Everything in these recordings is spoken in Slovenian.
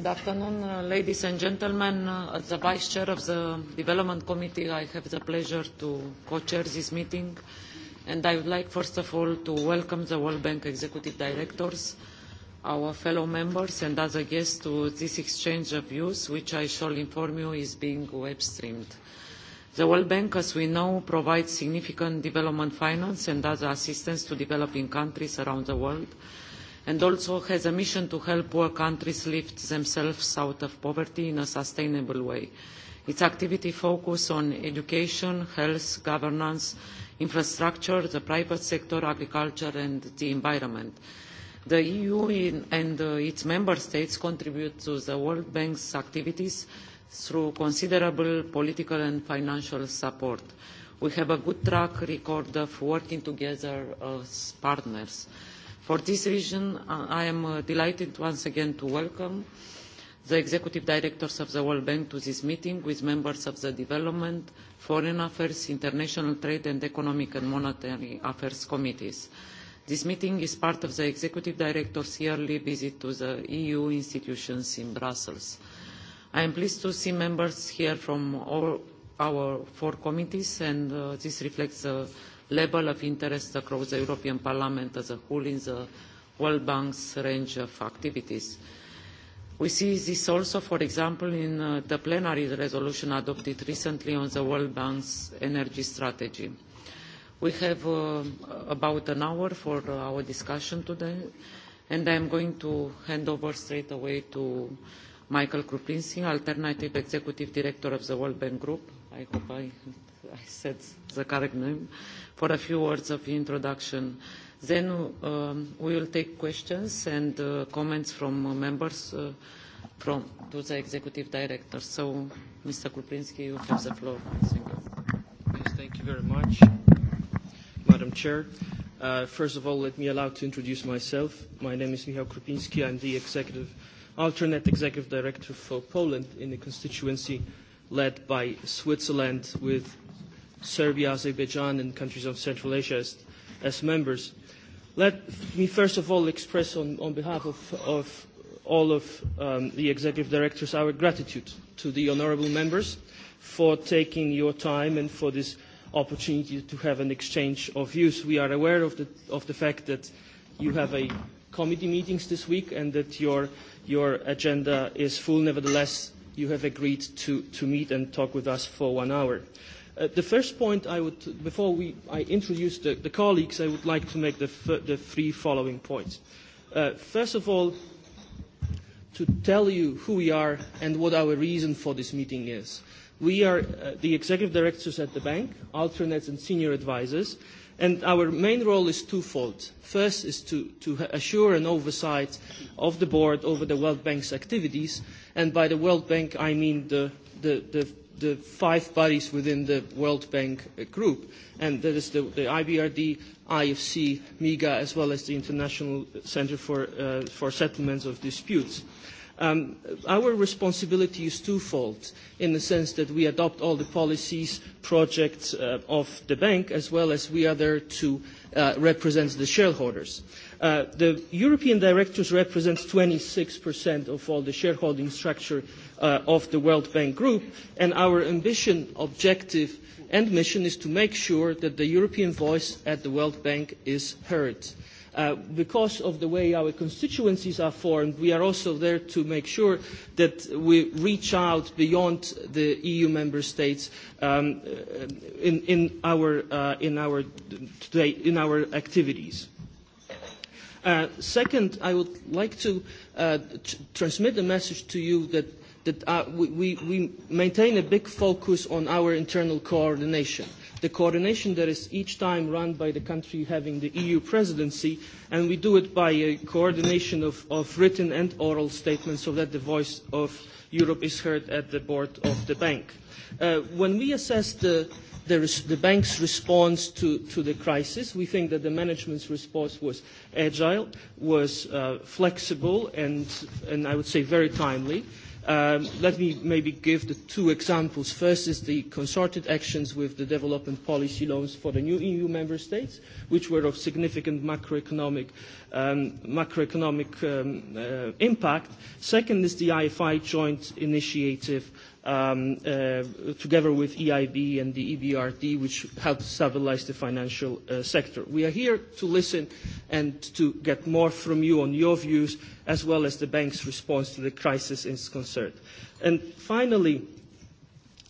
good afternoon uh, ladies and gentlemen uh, as the vice chair of the development committee i have the pleasure to co-chair this meeting and i would like first of all to welcome the world bank executive directors our fellow members and other guests to this exchange of views which i shall inform you is being web streamed the world bank as we know provides significant development finance and other assistance to developing countries around the world and also has a mission to help poor countries lift themselves out of poverty in a sustainable way. Its activities focus on education, health, governance, infrastructure, the private sector, agriculture and the environment. The EU in, and uh, its member states contribute to the World Bank's activities through considerable political and financial support. We have a good track record of working together as partners. For this reason, uh, I am uh, delighted once again to welcome the executive directors of the World Bank to this meeting with members of the Development, Foreign Affairs, International Trade and Economic and Monetary Affairs Committees. This meeting is part of the executive director's yearly visit to the EU institutions in Brussels. I am pleased to see members here from all our four committees, and uh, this reflects the uh, level of interest across the European Parliament as a whole in the World Bank's range of activities. We see this also, for example, in uh, the plenary resolution adopted recently on the World Bank's energy strategy. We have uh, about an hour for uh, our discussion today, and I am going to hand over straight away to Michael Kruplinski, Alternative Executive Director of the World Bank Group. I hope I I said the correct name, for a few words of introduction. Then um, we will take questions and uh, comments from uh, members uh, from to the executive director. So, Mr. Kuprinski, you have the floor. Thank you, yes, thank you very much, Madam Chair. Uh, first of all, let me allow to introduce myself. My name is Michał Krupiński. I'm the executive, alternate executive director for Poland in the constituency led by Switzerland with Serbia, Azerbaijan, and countries of Central Asia as, as members. Let me first of all express on, on behalf of, of all of um, the executive directors our gratitude to the honorable members for taking your time and for this opportunity to have an exchange of views. We are aware of the, of the fact that you have a committee meetings this week and that your, your agenda is full. Nevertheless, you have agreed to, to meet and talk with us for one hour. Uh, Uh, the first point I would, before we, I introduce the, the colleagues, I would like to make the, f- the three following points. Uh, first of all, to tell you who we are and what our reason for this meeting is. We are uh, the executive directors at the bank, alternates and senior advisors, and our main role is twofold. First is to, to assure an oversight of the board over the World Bank's activities, and by the World Bank I mean the, the, the the five bodies within the World Bank uh, group, and that is the, the IBRD, IFC, MIGA, as well as the International Center for, uh, for Settlements of Disputes. Um, our responsibility is twofold in the sense that we adopt all the policies, projects uh, of the bank, as well as we are there to uh, represent the shareholders. Uh, the European directors represent 26% of all the shareholding structure uh, of the World Bank Group, and our ambition, objective, and mission is to make sure that the European voice at the World Bank is heard. Uh, because of the way our constituencies are formed, we are also there to make sure that we reach out beyond the EU member states um, in, in, our, uh, in, our today, in our activities. Uh, Uh, second, I would like to uh, t- transmit a message to you that, that uh, we, we, we maintain a big focus on our internal coordination. The coordination that is each time run by the country having the EU presidency, and we do it by a coordination of, of written and oral statements so that the voice of Europe is heard at the board of the bank. Uh, when we assess the, the, res- the bank's response to, to the crisis. We think that the management's response was agile, was uh, flexible, and, and I would say very timely. Um, let me maybe give the two examples. First is the consorted actions with the development policy loans for the new EU member states, which were of significant macroeconomic, um, macroeconomic um, uh, impact. Second is the IFI joint initiative Um, uh, together with EIB and the EBRD, which helped stabilize the financial uh, sector. We are here to listen and to get more from you on your views, as well as the bank's response to the crisis is concerned. And finally,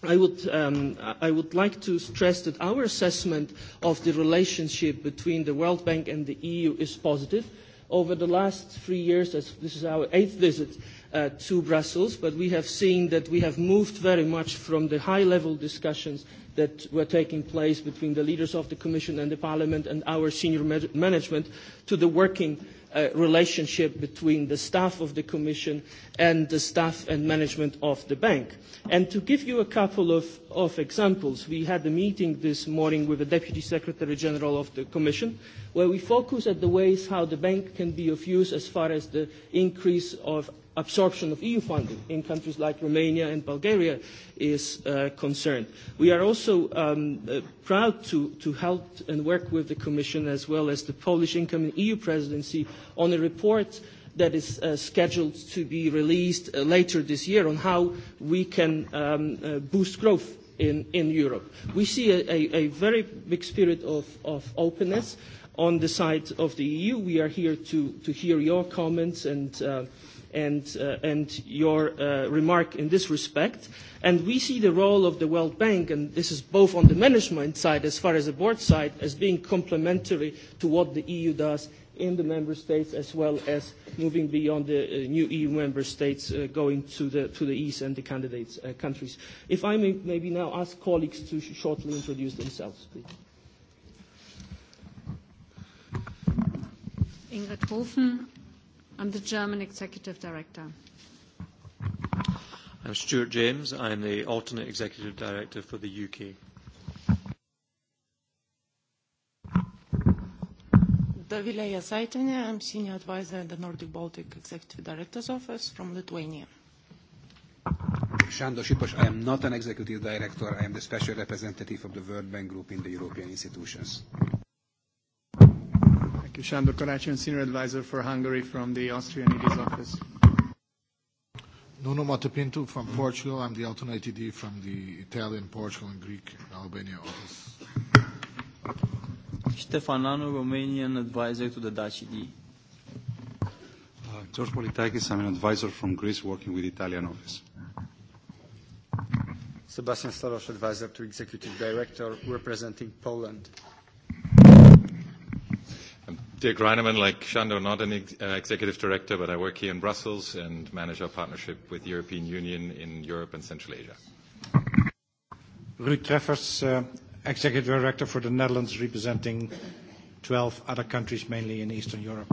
I would, um, I would like to stress that our assessment of the relationship between the World Bank and the EU is positive. Over the last three years, as this is our eighth visit, Uh, to Brussels, but we have seen that we have moved very much from the high-level discussions that were taking place between the leaders of the Commission and the Parliament and our senior management to the working uh, relationship between the staff of the Commission and the staff and management of the bank. And to give you a couple of, of examples, we had a meeting this morning with the Deputy Secretary General of the Commission where we focus at the ways how the bank can be of use as far as the increase of absorption of EU funding in countries like Romania and Bulgaria is uh, concerned. We are also um, uh, proud to, to help and work with the Commission as well as the Polish incoming EU presidency on a report that is uh, scheduled to be released uh, later this year on how we can um, uh, boost growth in, in Europe. We see a, a, a very big spirit of, of openness on the side of the EU. We are here to, to hear your comments and uh, and, uh, and your uh, remark in this respect. And we see the role of the World Bank, and this is both on the management side as far as the board side, as being complementary to what the EU does in the member states as well as moving beyond the uh, new EU member states uh, going to the, to the East and the candidates uh, countries. If I may maybe now ask colleagues to sh- shortly introduce themselves, please. Ingrid Hofen, and the German Executive Director. I'm Stuart James. I'm the alternate executive director for the UK. Dovilė Jasaitienė. I'm senior advisor in the Nordic Baltic Executive Director's Office from Lithuania. Sándor Sipos. I am not an executive director. I am the special representative of the World Bank Group in the European institutions. Mr. Sándor Karácsony, Senior Advisor for Hungary from the Austrian EDIS office. Nuno no, Mota Pinto from Portugal. I'm the alternate ED from the Italian, Portugal, and Greek, Albania office. Stefan Anu, Romanian advisor to the Dutch ED. Uh, George Politakis, I'm an advisor from Greece working with Italian office. Sebastian Staros, advisor to Executive Director representing Poland. Dirk Reinemann, like Shando, not an ex- uh, executive director, but I work here in Brussels and manage our partnership with the European Union in Europe and Central Asia. Ruud Treffers, uh, executive director for the Netherlands, representing 12 other countries, mainly in Eastern Europe.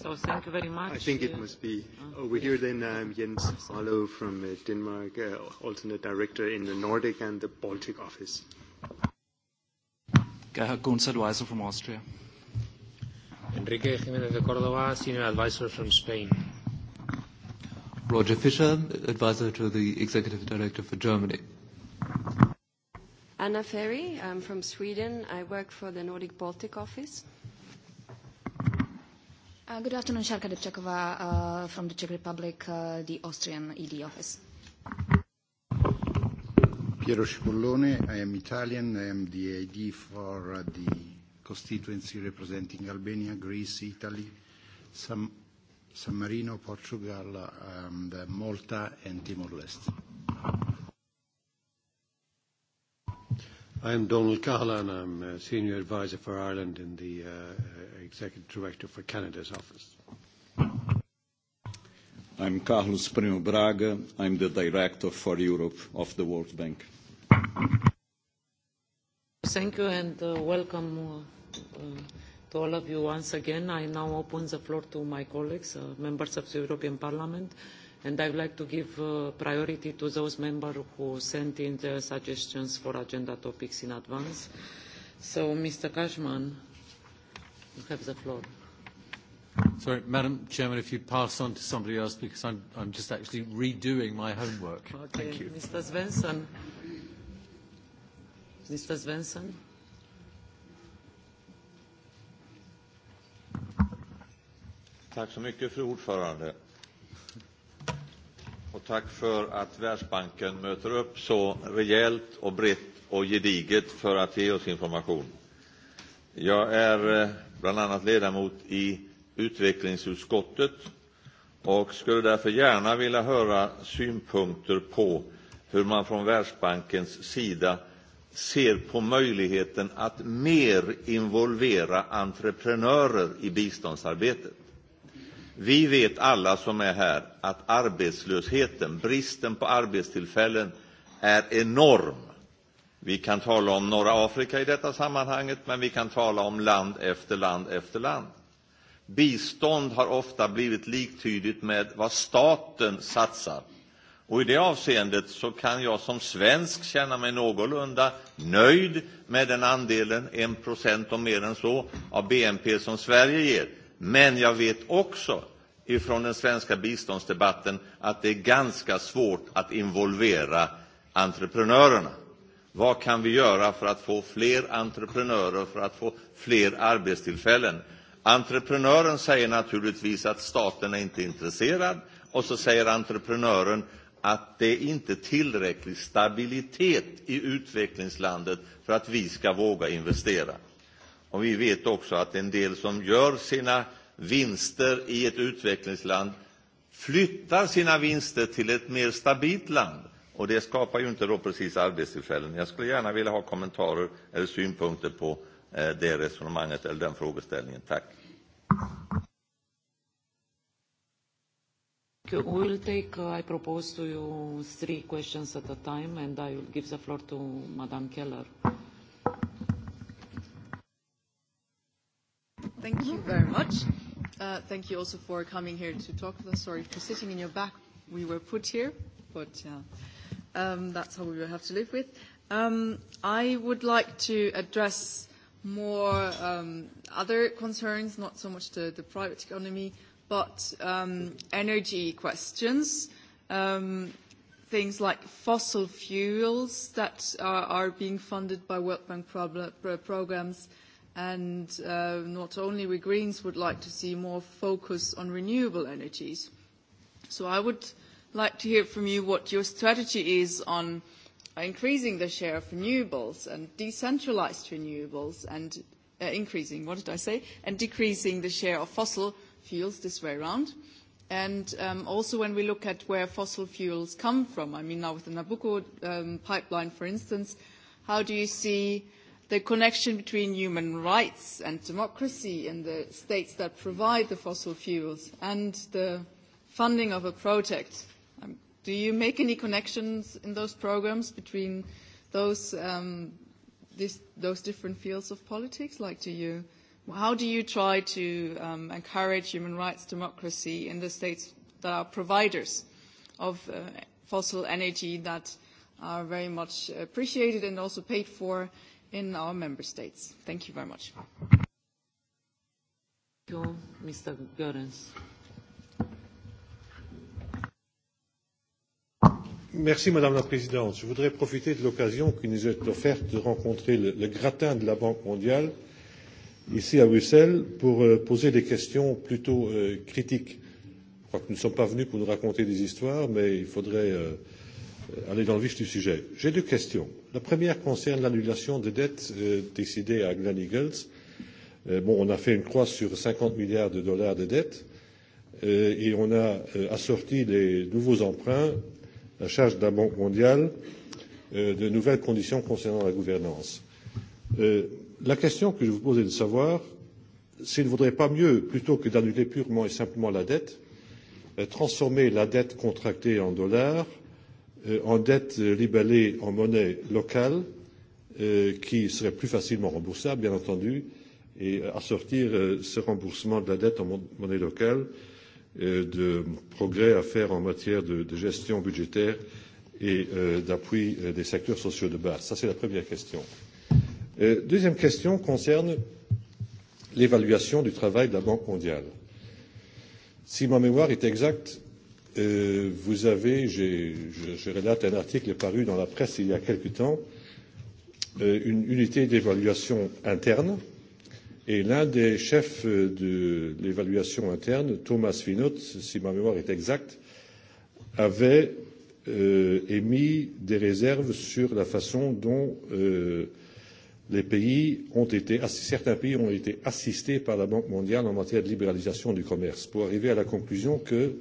So thank you very much. I think it must be uh-huh. over here then, um, Jens Hallo from uh, Denmark, uh, alternate director in the Nordic and the Baltic office gonzlez weiser from austria. enrique jimenez de cordova, senior advisor from spain. roger fischer, advisor to the executive director for germany. anna ferry, i'm from sweden. i work for the nordic baltic office. Uh, good afternoon, sharka depchakova uh, from the czech republic, uh, the austrian ed office. Piero Scullone, I am Italian, I am the ID for uh, the constituency representing Albania, Greece, Italy, San, San Marino, Portugal, uh, um, and, uh, Malta and Timor-Leste. I am Donald Callan, I'm a Senior Advisor for Ireland and the uh, Executive Director for Canada's Office. I'm Carlos Prio Braga. I'm the Director for Europe of the World Bank. Thank you, and uh, welcome uh, uh, to all of you once again. I now open the floor to my colleagues, members of the European Parliament, and I'd like to give priority to those members who sent in their suggestions for agenda topics in advance. So, Mr. Cashman, you have the floor. Sorry, Madam Chairman, if you'd pass on to somebody else because I'm, I'm just actually redoing my homework. Okay. Thank you. Mr. Svensson. Mr. Svensson. Tack så mycket, fru ordförande. Och tack för att Världsbanken möter upp så rejält och brett och gediget för att ge oss information. Jag är eh, bland annat ledamot i utvecklingsutskottet och skulle därför gärna vilja höra synpunkter på hur man från Världsbankens sida ser på möjligheten att mer involvera entreprenörer i biståndsarbetet. Vi vet alla som är här att arbetslösheten, bristen på arbetstillfällen, är enorm. Vi kan tala om norra Afrika i detta sammanhanget, men vi kan tala om land efter land efter land bistånd har ofta blivit liktydigt med vad staten satsar. Och I det avseendet så kan jag som svensk känna mig någorlunda nöjd med den andelen, en procent och mer än så, av BNP som Sverige ger. Men jag vet också ifrån den svenska biståndsdebatten att det är ganska svårt att involvera entreprenörerna. Vad kan vi göra för att få fler entreprenörer, för att få fler arbetstillfällen? Entreprenören säger naturligtvis att staten är inte intresserad och så säger entreprenören att det är inte tillräcklig stabilitet i utvecklingslandet för att vi ska våga investera. Och Vi vet också att en del som gör sina vinster i ett utvecklingsland flyttar sina vinster till ett mer stabilt land. Och Det skapar ju inte då precis arbetstillfällen. Jag skulle gärna vilja ha kommentarer eller synpunkter på Eh, det resonemanget eller den frågeställningen. Tack. We'll take, uh, I propose to you three questions at a time and I will give the floor to Madame Keller. Thank you very much. Uh, thank you also for coming here to talk with us. Sorry for sitting in your back. We were put here, but uh, um, that's how we will have to live with. Um, I would like to address more um, other concerns, not so much the, the private economy, but um, energy questions, um, things like fossil fuels that are, are being funded by World Bank pro pro programs. And uh, not only we Greens would like to see more focus on renewable energies. So I would like to hear from you what your strategy is on uh, are increasing the share of renewables and decentralized renewables and uh, increasing, what did I say, and decreasing the share of fossil fuels this way around. And um, also when we look at where fossil fuels come from, I mean now with the Nabucco um, pipeline, for instance, how do you see the connection between human rights and democracy in the states that provide the fossil fuels and the funding of a project Do you make any connections in those programs between those um, this, those different fields of politics? Like, do you how do you try to um, encourage human rights, democracy in the states that are providers of uh, fossil energy that are very much appreciated and also paid for in our member states? Thank you very much. Thank you, Mr. Görens. Merci Madame la Présidente. Je voudrais profiter de l'occasion qui nous est offerte de rencontrer le, le gratin de la Banque mondiale ici à Bruxelles pour euh, poser des questions plutôt euh, critiques. Je crois que nous ne sommes pas venus pour nous raconter des histoires, mais il faudrait euh, aller dans le vif du sujet. J'ai deux questions. La première concerne l'annulation des dettes euh, décidées à Glen Eagles. Euh, bon, on a fait une croix sur 50 milliards de dollars de dettes euh, et on a euh, assorti les nouveaux emprunts la charge de la Banque mondiale euh, de nouvelles conditions concernant la gouvernance. Euh, la question que je vous posais de savoir, s'il ne vaudrait pas mieux, plutôt que d'annuler purement et simplement la dette, euh, transformer la dette contractée en dollars euh, en dette euh, libellée en monnaie locale, euh, qui serait plus facilement remboursable, bien entendu, et euh, assortir euh, ce remboursement de la dette en monnaie locale euh, Euh, de progrès à faire en matière de, de gestion budgétaire et euh, d'appui euh, des secteurs sociaux de base Ça, c'est la première question. Euh, deuxième question concerne l'évaluation du travail de la Banque mondiale. Si ma mémoire est exacte, euh, vous avez, j'ai, je, je relate un article paru dans la presse il y a quelque temps, euh, une unité d'évaluation interne, Et l'un des chefs de l'évaluation interne, Thomas Finot, si ma mémoire est exacte, avait euh, émis des réserves sur la façon dont euh, les pays ont été, certains pays ont été assistés par la Banque mondiale en matière de libéralisation du commerce, pour arriver à la conclusion que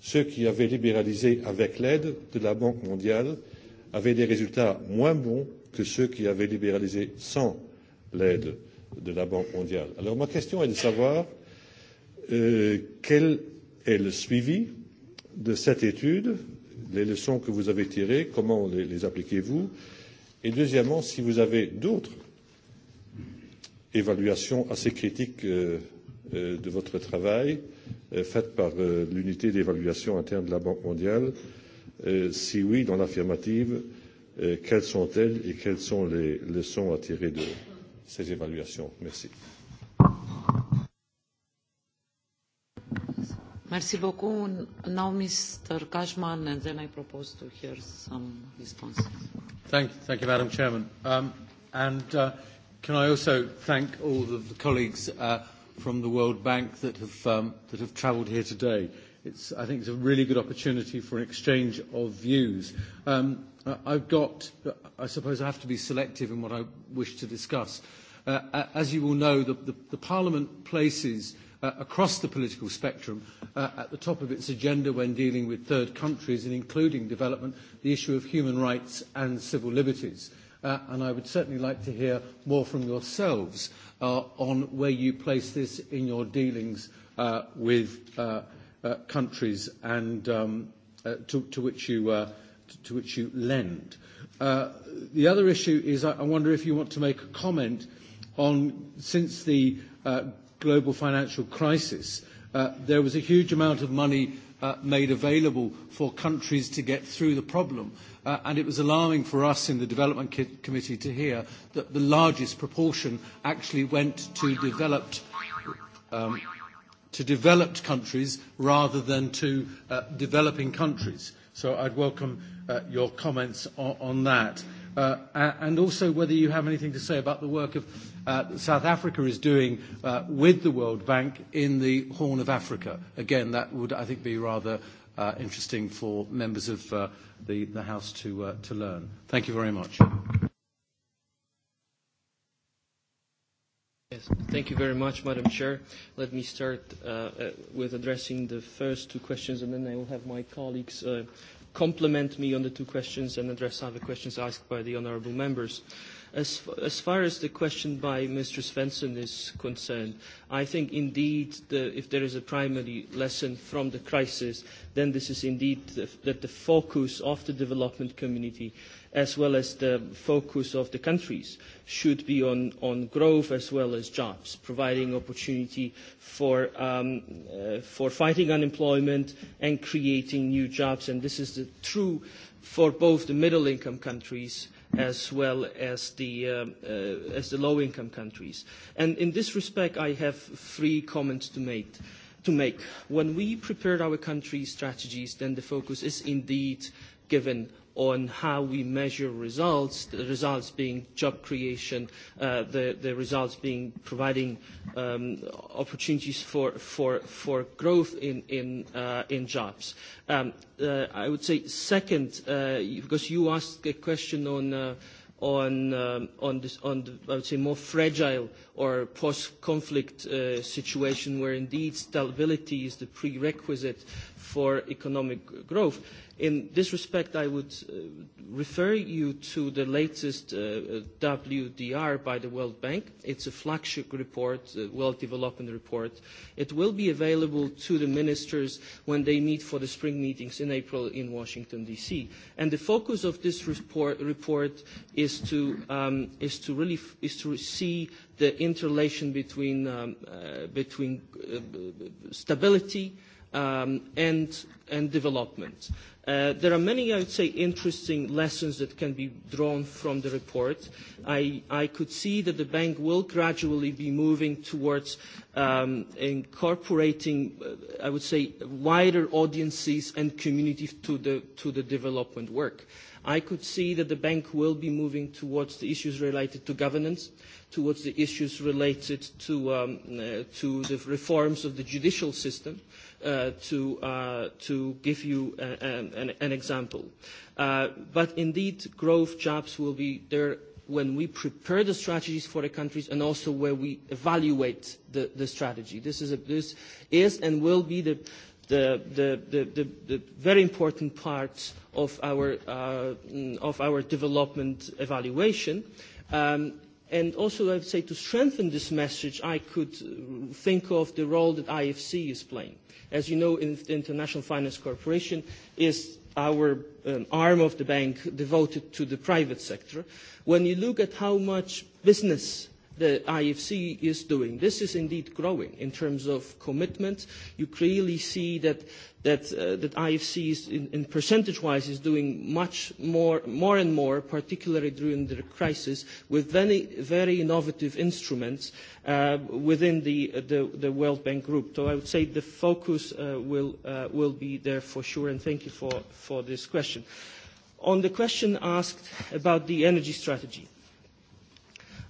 ceux qui avaient libéralisé avec l'aide de la Banque mondiale avaient des résultats moins bons que ceux qui avaient libéralisé sans l'aide. Mmh de la Banque mondiale. Alors ma question est de savoir euh, quel est le suivi de cette étude, les leçons que vous avez tirées, comment les, les appliquez-vous Et deuxièmement, si vous avez d'autres évaluations assez critiques euh, euh, de votre travail euh, faites par euh, l'unité d'évaluation interne de la Banque mondiale, euh, si oui, dans l'affirmative, euh, quelles sont-elles et quelles sont les leçons à tirer d'eux ces évaluations. Merci. Merci beaucoup. Now, Mr. Cashman, and then I propose to hear some responses. Thank, thank you, Madam Chairman. Um, and uh, can I also thank all of the colleagues uh, from the World Bank that have, um, have travelled here today? Uh, it's, I think it's a really good opportunity for an exchange of views. Um, I've got, I suppose I have to be selective in what I wish to discuss. Uh, as you will know, the, the, the Parliament places uh, across the political spectrum uh, at the top of its agenda when dealing with third countries and including development, the issue of human rights and civil liberties. Uh, and I would certainly like to hear more from yourselves uh, on where you place this in your dealings uh, with uh, Uh, countries and um, uh, to, to which you uh, to which you lend. Uh, the other issue is I, I wonder if you want to make a comment on since the uh, global financial crisis, uh, there was a huge amount of money uh, made available for countries to get through the problem. Uh, and it was alarming for us in the Development ki- Committee to hear that the largest proportion actually went to developed um, to developed countries rather than to uh, developing countries. So I'd welcome uh, your comments on, on that. Uh, and also whether you have anything to say about the work of uh, South Africa is doing uh, with the World Bank in the Horn of Africa. Again, that would, I think, be rather uh, interesting for members of uh, the, the House to, uh, to learn. Thank you very much. Yes, thank you very much, Madam Chair. Let me start uh, uh, with addressing the first two questions, and then I will have my colleagues uh, complement me on the two questions and address other questions asked by the honourable members. As, as far as the question by Mr. Svensson is concerned, I think indeed the, if there is a primary lesson from the crisis, then this is indeed the, that the focus of the development community as well as the focus of the countries should be on, on growth as well as jobs, providing opportunity for, um, uh, for fighting unemployment and creating new jobs. And this is the true for both the middle-income countries as well as the, uh, uh, the low-income countries. And in this respect, I have three comments to make. To make. When we prepared our country strategies, then the focus is indeed given on how we measure results, the results being job creation, uh, the, the results being providing um, opportunities for, for, for growth in, in, uh, in jobs. Um, uh, I would say second, uh, because you asked a question on, uh, on, um, on, this, on the, I would say, more fragile or post-conflict uh, situation where indeed stability is the prerequisite for economic growth. In this respect, I would uh, refer you to the latest uh, WDR by the World Bank. It's a flagship report, a uh, World Development Report. It will be available to the ministers when they meet for the spring meetings in April in Washington, D.C. And the focus of this report, report is, to, um, is, to really f- is to see the interrelation between, um, uh, between uh, stability um, and, and development. Uh, there are many, I would say, interesting lessons that can be drawn from the report. I, I could see that the bank will gradually be moving towards um, incorporating, uh, I would say, wider audiences and communities to the, to the development work. Uh, I could see that the bank will be moving towards the issues related to governance, towards the issues related to, um, uh, to the reforms of the judicial system, uh, to, uh, to give you a, uh, a, an, an example. Uh, but indeed, growth jobs will be there when we prepare the strategies for the countries and also where we evaluate the, the strategy. This is, a, this is and will be the, the very important part of our uh, development evaluation. Um, and also, I would say to strengthen this message, I could think of the role that IFC is playing. As you know, International Finance Corporation is our um, arm of the bank devoted to the private sector. When you look at how much business that IFC is doing. This is indeed growing in terms of commitment. You clearly see that that uh, that IFC is, in, in percentage-wise, is doing much more, more and more, particularly during the crisis, with very, very innovative instruments uh, within the, the the World Bank Group. So I would say the focus uh, will uh, will be there for sure. And thank you for, for this question. On the question asked about the energy strategy.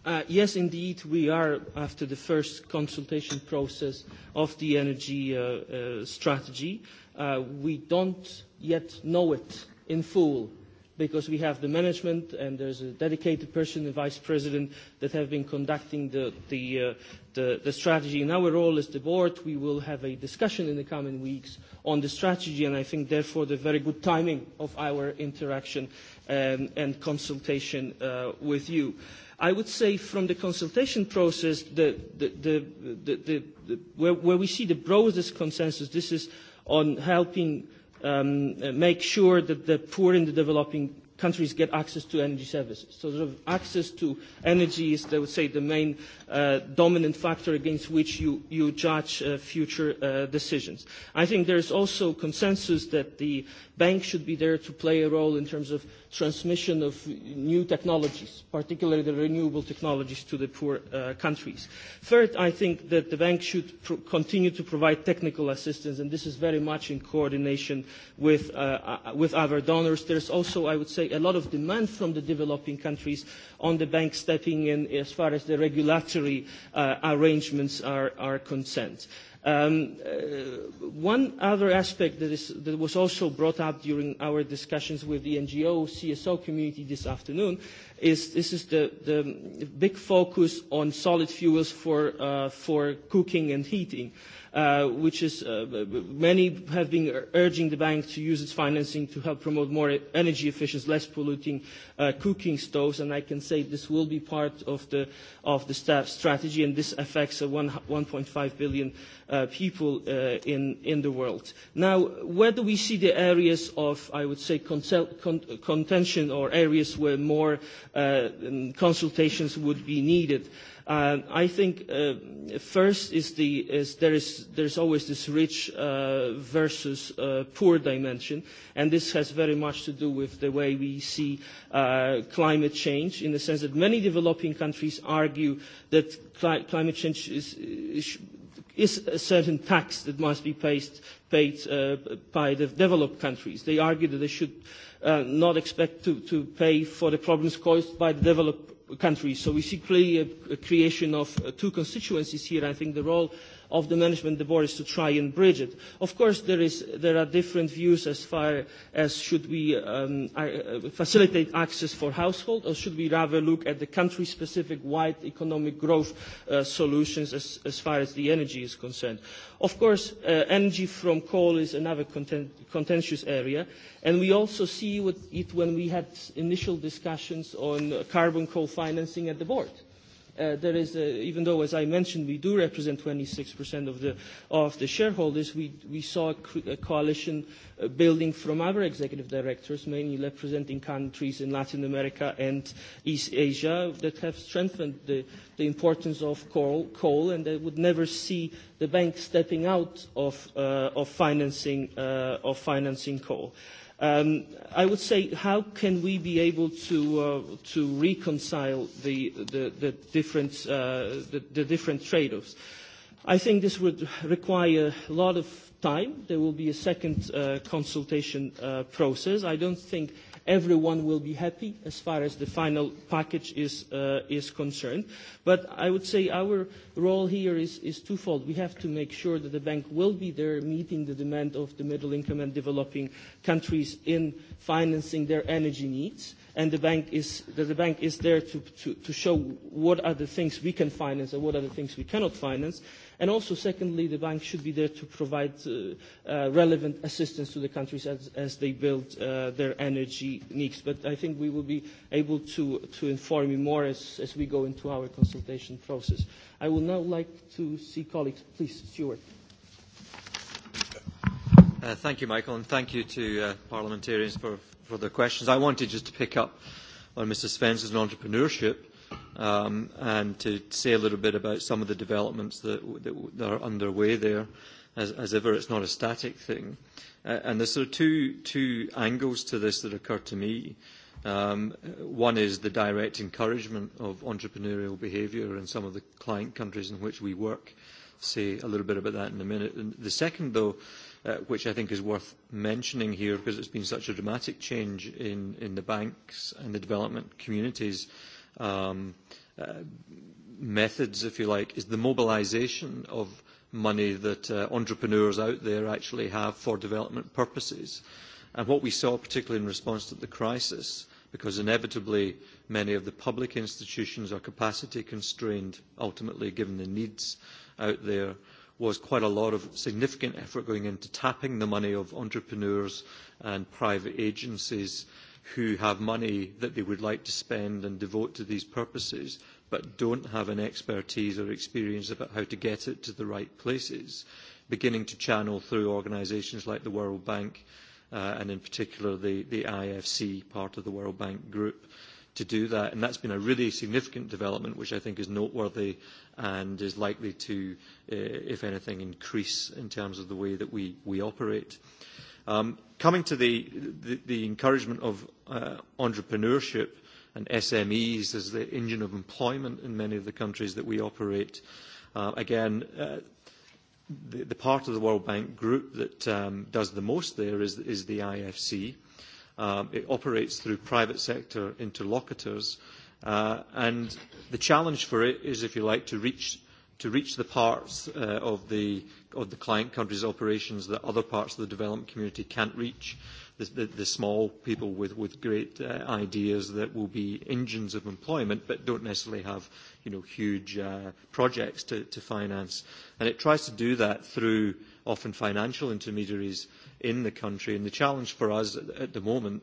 Uh, yes, indeed, we are after the first consultation process of the energy uh, uh, strategy. Uh, we don't yet know it in full because we have the management and there's a dedicated person, the vice president, that have been conducting the, the, uh, the, the strategy. And our role is the board. We will have a discussion in the coming weeks on the strategy, and I think, therefore, the very good timing of our interaction and, um, and consultation uh, with you. Uh, I would say from the consultation process, the, the, the, the, the, the, where, where we see the broadest consensus, this is on helping um, make sure that the poor in the developing countries get access to energy services. So sort of access to energy is, I would say, the main uh, dominant factor against which you, you judge uh, future uh, decisions. I think there's also consensus that the bank should be there to play a role in terms of transmission of new technologies, particularly the renewable technologies to the poor uh, countries. Third, I think that the bank should pr- continue to provide technical assistance, and this is very much in coordination with, uh, uh, with other donors. There's also, I would say, a lot of demand from the developing countries on the bank stepping in as far as the regulatory uh, arrangements are, are concerned. Um, uh, one other aspect that, is, that was also brought up during our discussions with the NGO CSO community this afternoon is this is the, the big focus on solid fuels for, uh, for cooking and heating, uh, which is uh, many have been urging the bank to use its financing to help promote more energy efficient, less polluting uh, cooking stoves. And I can say this will be part of the, of the staff strategy, and this affects a one, 1.5 billion. Uh, uh, people uh, in, in the world. Now, whether we see the areas of, I would say, consel- con- contention or areas where more uh, um, consultations would be needed, uh, I think uh, first is, the, is, there is there's always this rich uh, versus uh, poor dimension, and this has very much to do with the way we see uh, climate change, in the sense that many developing countries argue that cli- climate change is, is, is a certain tax that must be paid, paid uh, by the developed countries. They argue that they should uh, not expect to, to pay for the problems caused by the developed countries. So we see clearly a, uh, a creation of uh, two constituencies here. I think the role of the management the board is to try and bridge it. Of course, there, is, there are different views as far as should we um, uh, facilitate access for households or should we rather look at the country-specific wide economic growth uh, solutions as, as far as the energy is concerned. Of course, uh, energy from coal is another content, contentious area, and we also see it when we had initial discussions on carbon coal financing at the board. Uh, there is a, uh, even though, as I mentioned, we do represent 26% of the of the shareholders, we we saw a, a coalition uh, building from our executive directors, mainly representing countries in Latin America and East Asia, that have strengthened the, the importance of coal, coal, and they would never see the bank stepping out of uh, of financing uh, of financing coal. Uh, Um, I would say, how can we be able to, uh, to reconcile the, the, the different, uh, the, the different trade offs? I think this would require a lot of time. There will be a second uh, consultation uh, process. I don't think everyone will be happy as far as the final package is, uh, is concerned. But I would say our role here is, is twofold. We have to make sure that the bank will be there meeting the demand of the middle income and developing countries in financing their energy needs and the bank is, that the bank is there to, to, to show what are the things we can finance and what are the things we cannot finance. And also, secondly, the bank should be there to provide uh, uh, relevant assistance to the countries as, as they build uh, their energy needs. But I think we will be able to, to inform you more as, as we go into our consultation process. I would now like to see colleagues. Please, Stuart. Uh, thank you, Michael, and thank you to uh, parliamentarians for for their questions. I wanted just to pick up on Mr. Svensson's entrepreneurship um, and to say a little bit about some of the developments that, that, that are underway there, as, as ever it's not a static thing. Uh, and there's sort of two, two angles to this that occur to me. Um, one is the direct encouragement of entrepreneurial behavior in some of the client countries in which we work. Say a little bit about that in a minute. And the second, though, Uh, which I think is worth mentioning here because it's been such a dramatic change in, in the banks and the development communities. Um, uh, methods, if you like, is the mobilization of money that uh, entrepreneurs out there actually have for development purposes. And what we saw, particularly in response to the crisis, because inevitably many of the public institutions are capacity constrained, ultimately given the needs out there, was quite a lot of significant effort going into tapping the money of entrepreneurs and private agencies who have money that they would like to spend and devote to these purposes, but don't have an expertise or experience about how to get it to the right places, beginning to channel through organisations like the World Bank uh, and in particular the, the IFC part of the World Bank group to do that. And that's been a really significant development, which I think is noteworthy and is likely to, uh, if anything, increase in terms of the way that we, we operate. Um, coming to the, the, the encouragement of uh, entrepreneurship and SMEs as the engine of employment in many of the countries that we operate, uh, again, uh, the, the part of the World Bank group that um, does the most there is, is the IFC. Um, it operates through private sector interlocutors. Uh, and the challenge for it is, if you like, to reach, to reach the parts uh, of, the, of the client countries' operations that other parts of the development community can't reach, the, the, the small people with, with great uh, ideas that will be engines of employment but don't necessarily have you know, huge uh, projects to, to finance. And it tries to do that through often financial intermediaries in the country. And the challenge for us at, at the moment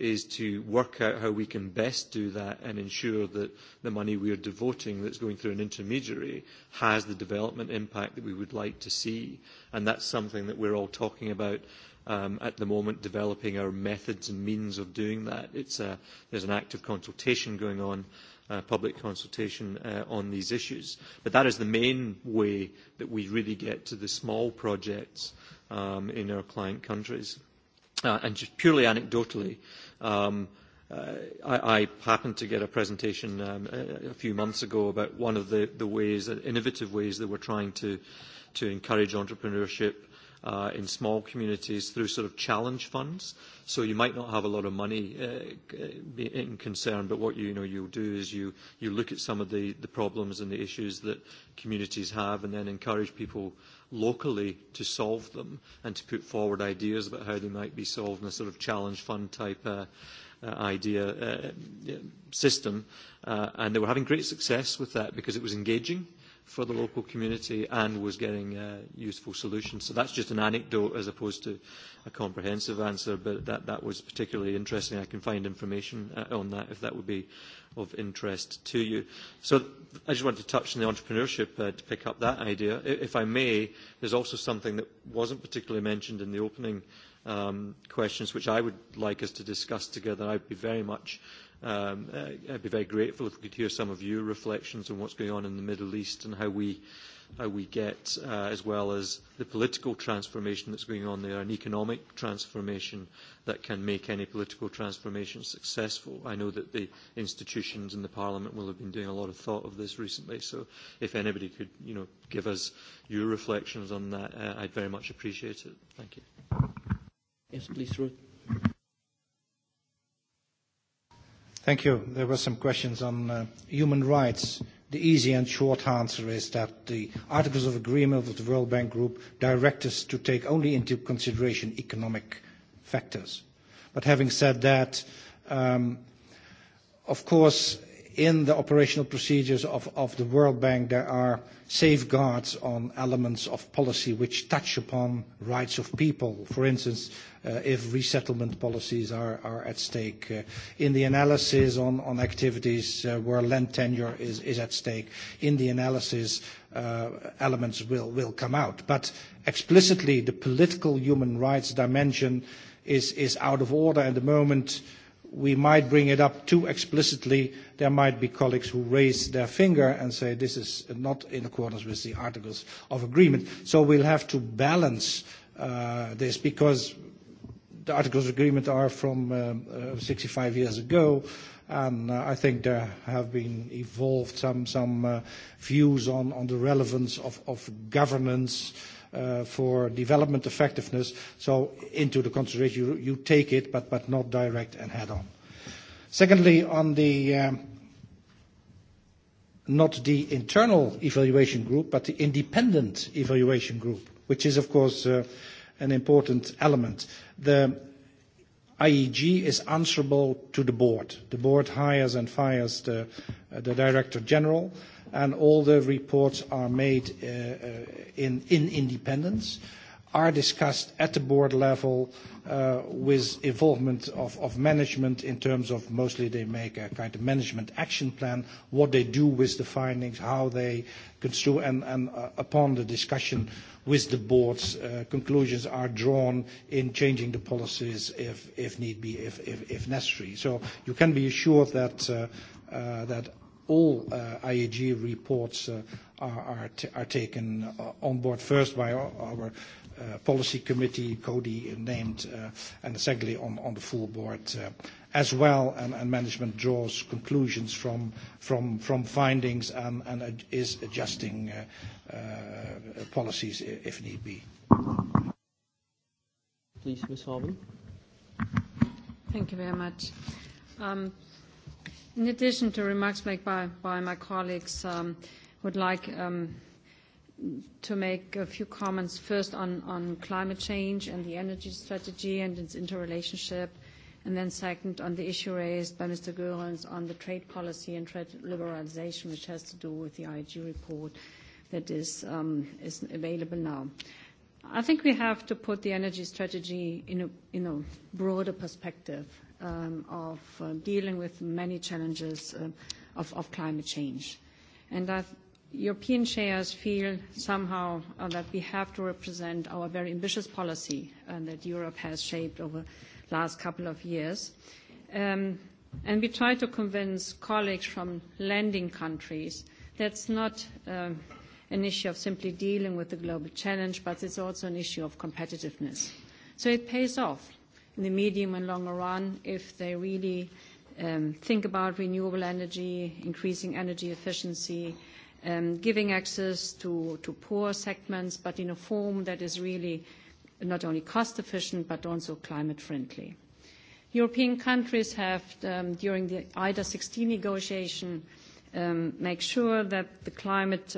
is to work out how we can best do that and ensure that the money we are devoting that's going through an intermediary has the development impact that we would like to see. And that's something that we're all talking about um, at the moment, developing our methods and means of doing that. It's a, there's an active consultation going on. Uh, public consultation uh, on these issues. But that is the main way that we really get to the small projects um, in our client countries. Uh, and just purely anecdotally, um, uh, I, I happened to get a presentation um, a, a few months ago about one of the, the ways, innovative ways that we're trying to, to encourage entrepreneurship uh, in small communities through sort of challenge funds. So you might not have a lot of money uh, uh in concern, but what you, you know you'll do is you, you look at some of the, the problems and the issues that communities have and then encourage people locally to solve them and to put forward ideas about how they might be solved in a sort of challenge fund type uh, uh, idea uh, system. Uh, and they were having great success with that because it was engaging for the local community and was getting uh, useful solutions. So that's just an anecdote as opposed to a comprehensive answer, but that, that was particularly interesting. I can find information uh, on that if that would be of interest to you. So I just wanted to touch on the entrepreneurship uh, to pick up that idea. If I may, there's also something that wasn't particularly mentioned in the opening um, questions, which I would like us to discuss together. I'd be very much um, uh, I'd be very grateful if we could hear some of your reflections on what's going on in the Middle East and how we how we get, uh, as well as the political transformation that's going on there, an economic transformation that can make any political transformation successful. I know that the institutions and the Parliament will have been doing a lot of thought of this recently, so if anybody could you know, give us your reflections on that, uh, I'd very much appreciate it. Thank you. Yes, please, Ruth. Thank you. There were some questions on uh, human rights The easy and short answer is that the Articles of Agreement of the World Bank Group direct us to take only into consideration economic factors. But having said that, um, of course, in the operational procedures of, of the World Bank, there are safeguards on elements of policy which touch upon rights of people. For instance, uh, if resettlement policies are, are at stake. Uh, in the analysis on, on activities uh, where land tenure is, is at stake, in the analysis, uh, elements will, will come out. But explicitly, the political human rights dimension is, is out of order at the moment. Uh, we might bring it up too explicitly, there might be colleagues who raise their finger and say this is not in accordance with the Articles of Agreement. So we'll have to balance uh, this because the Articles of Agreement are from um, uh, 65 uh, years ago and uh, I think there have been evolved some, some uh, views on, on the relevance of, of governance uh, Uh, for development effectiveness. Into the consideration, you take it, but not direct and head on. Secondly, on the, um, not the internal evaluation group, but the independent evaluation group, which is, of course, uh, an important element. The IEG is answerable to the board. The board hires and fires the uh, director general, and all the reports are made uh, uh, in independence, are discussed at the board level uh, with involvement of management in terms of mostly they make a kind of management action plan, what they do with the findings, how they construe, and upon the discussion with the boards, conclusions are drawn in changing the policies if need be, if necessary. So you can be assured that all uh, IAG reports uh, are taken uh, on board, first by our policy committee, Cody named, and secondly, on the full board as well, and management draws conclusions from findings and is adjusting policies if need be. Please, Ms. Harman. Thank you very much. Um, In addition to remarks made by, by my colleagues, I um, would like um, to make a few comments first on, on climate change and the energy strategy and its interrelationship, and then second on the issue raised by Mr. Goerens on the trade policy and trade liberalization, which has to do with the IG report that is, um, is available now. I think we have to put the energy strategy in a, in a broader perspective, Um, of uh, dealing with many challenges uh, of climate change. That European chairs feel somehow uh, that we have to represent our very ambitious policy that Europe has shaped over the last couple of years. Um, we try to convince colleagues from lending countries that's not um, an issue of simply dealing with the global challenge, but it's also an issue of competitiveness. It pays off in the medium and longer run if they really um, think about renewable energy, increasing energy efficiency, um, giving access to poor segments, but in a form that is really not only cost-efficient but also climate-friendly. European countries have, um, during the IDA16 negotiation, made sure that the climate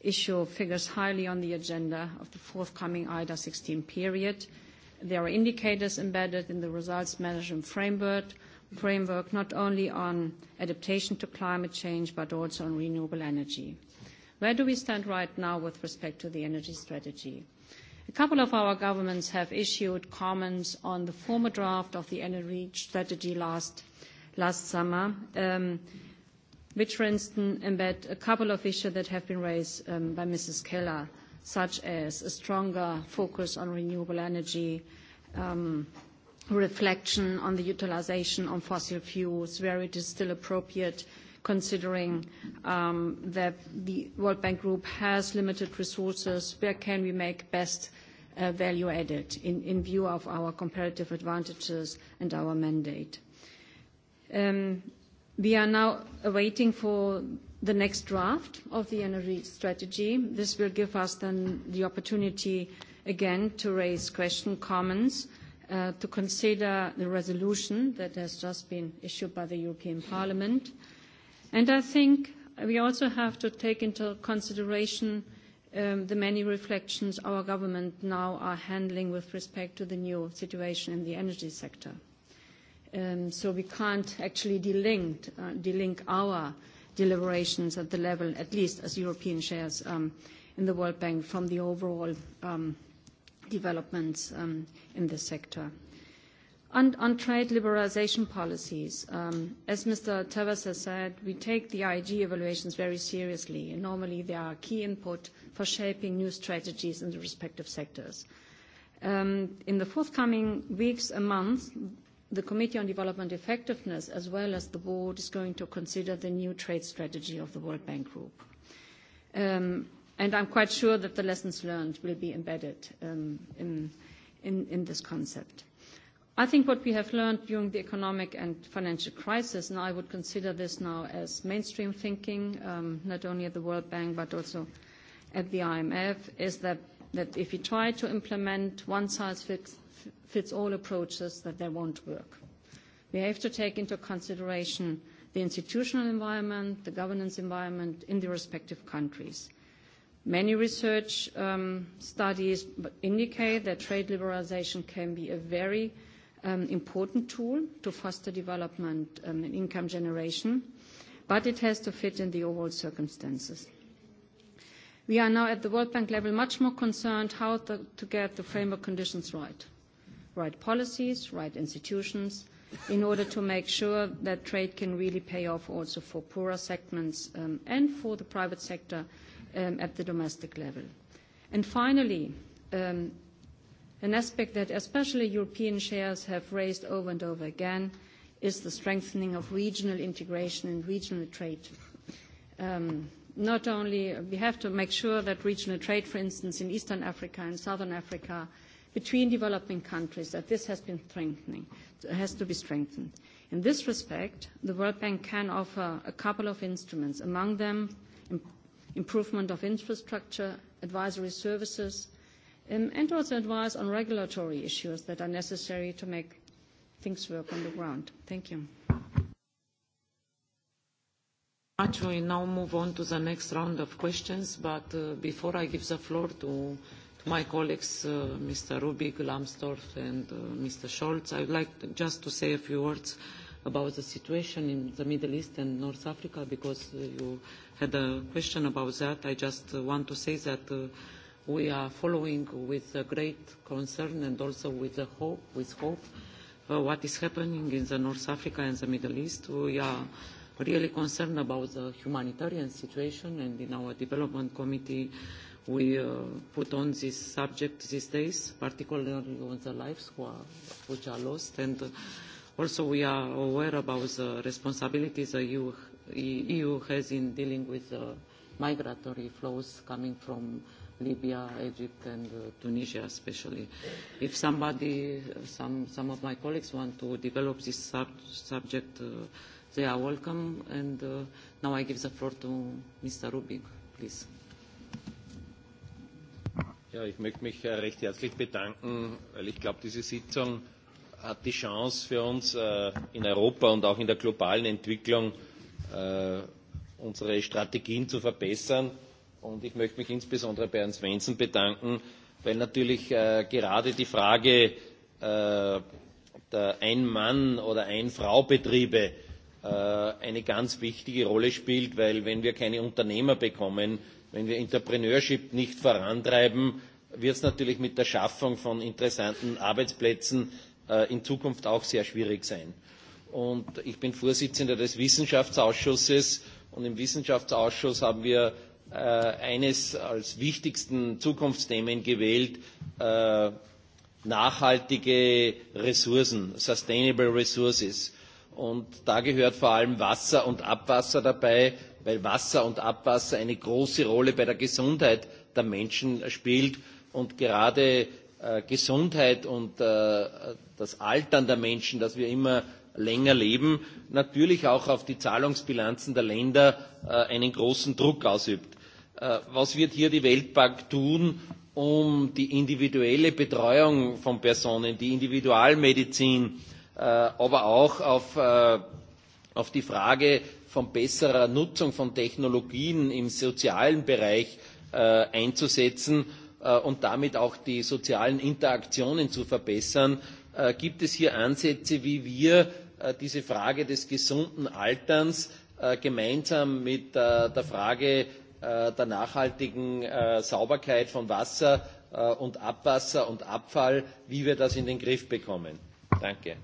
issue figures highly on the agenda of the forthcoming IDA16 period. There are indicators embedded in the results management framework, framework not only on adaptation to climate change, but also on renewable energy. Where do we stand right now with respect to the energy strategy? A couple of our governments have issued comments on the former draft of the energy strategy last summer, um, which, for instance, embed a couple of issues that have been raised um, by Mrs. Keller, such as a stronger focus on renewable energy, Um, reflection on the utilization on fossil fuels, where it is still appropriate, considering um, that the World Bank Group has limited resources, where can we make best uh, value added in view of our comparative advantages and our mandate? Um, we are now awaiting for the next draft of the energy strategy. This will give us then the opportunity to again to raise question, comments, uh, to consider the resolution that has just been issued by the European Parliament. I think we also have to take into consideration um, the many reflections our government now are handling with respect to the new situation in the energy sector. Um, we can't actually uh, delink our deliberations at the level, at least as European chairs um, in the World Bank, from the overall developments um, in this sector. And on trade liberalization policies, um, as Mr. Tevas has said, we take the IG evaluations very seriously. Normally, they are a key input for shaping new strategies in the respective sectors. Um, in the forthcoming weeks and months, the Committee on Development Effectiveness, as well as the Board, is going to consider the new trade strategy of the World Bank Group. Um, And I'm quite sure that the lessons learned will be embedded um, in, in, in this concept. I think what we have learned during the economic and financial crisis, and I would consider this now as mainstream thinking, um, not only at the World Bank but also at the IMF, is that, that if you try to implement one-size-fits-all approaches, that they won't work. We have to take into consideration the institutional environment, the governance environment in the respective countries. Many research um, studies indicate that trade liberalization can be a very um, important tool to foster development um, and income generation, but it has to fit in the overall circumstances. We are now at the World Bank level much more concerned how to, to get the framework conditions right, right policies, right institutions, in order to make sure that trade can really pay off also for poorer segments um, and for the private sector um, at the domestic level. And finally, um, an aspect that especially European shares have raised over and over again is the strengthening of regional integration and regional trade. Um, not only we have to make sure that regional trade, for instance, in Eastern Africa and Southern Africa, between developing countries, that this has been strengthening, has to be strengthened. In this respect, the World Bank can offer a couple of instruments. Among them, improvement of infrastructure, advisory services, um, and also advice on regulatory issues that are necessary to make things work on the ground. Thank you. Much. We now move on to the next round of questions, but uh, before I give the floor to my colleagues, uh, Mr. Rubik, Lambsdorff, and uh, Mr. Scholz, I would like just to say a few words about the situation in the Middle East and North Africa because uh, you had a question about that. I just uh, want to say that uh, we are following with a great concern and also with a hope, with hope uh, what is happening in the North Africa and the Middle East. We are really concerned about the humanitarian situation and in our development committee we uh, put on this subject these days, particularly on the lives who are, which are lost. And, uh, Also, we are aware about the responsibilities the EU, EU has in dealing with the migratory flows coming from Libya, Egypt, and uh, Tunisia, especially. If somebody, some, some of my colleagues want to develop this sub subject, uh, they are welcome. And uh, now I give the floor to Mr. Rubik, please. Ja, ich möchte mich äh, recht herzlich bedanken, weil ich glaube, diese Sitzung hat die Chance für uns äh, in Europa und auch in der globalen Entwicklung äh, unsere Strategien zu verbessern. Und ich möchte mich insbesondere bei Herrn Svensson bedanken, weil natürlich äh, gerade die Frage äh, der Ein-Mann- oder Ein-Frau-Betriebe äh, eine ganz wichtige Rolle spielt, weil wenn wir keine Unternehmer bekommen, wenn wir Entrepreneurship nicht vorantreiben, wird es natürlich mit der Schaffung von interessanten Arbeitsplätzen Äh, in Zukunft auch sehr schwierig sein. Und ich bin Vorsitzender des Wissenschaftsausschusses und im Wissenschaftsausschuss haben wir äh, eines als wichtigsten Zukunftsthemen gewählt, äh, nachhaltige Ressourcen, sustainable resources. Und da gehört vor allem Wasser und Abwasser dabei, weil Wasser und Abwasser eine große Rolle bei der Gesundheit der Menschen spielt und gerade Äh, Gesundheit und äh, das Altern der Menschen, dass wir immer länger leben, natürlich auch auf die Zahlungsbilanzen der Länder äh, einen großen Druck ausübt. Was wird hier die Weltbank tun, um die individuelle Betreuung von Personen, die Individualmedizin, aber auch auf, auf die Frage von besserer Nutzung von Technologien im sozialen Bereich einzusetzen, Äh, und damit auch die sozialen Interaktionen zu verbessern. Äh, gibt es hier Ansätze, wie wir äh, diese Frage des gesunden Alterns gemeinsam mit der Frage der nachhaltigen Sauberkeit von Wasser und Abwasser und Abfall, wie wir das in den Griff bekommen? Danke.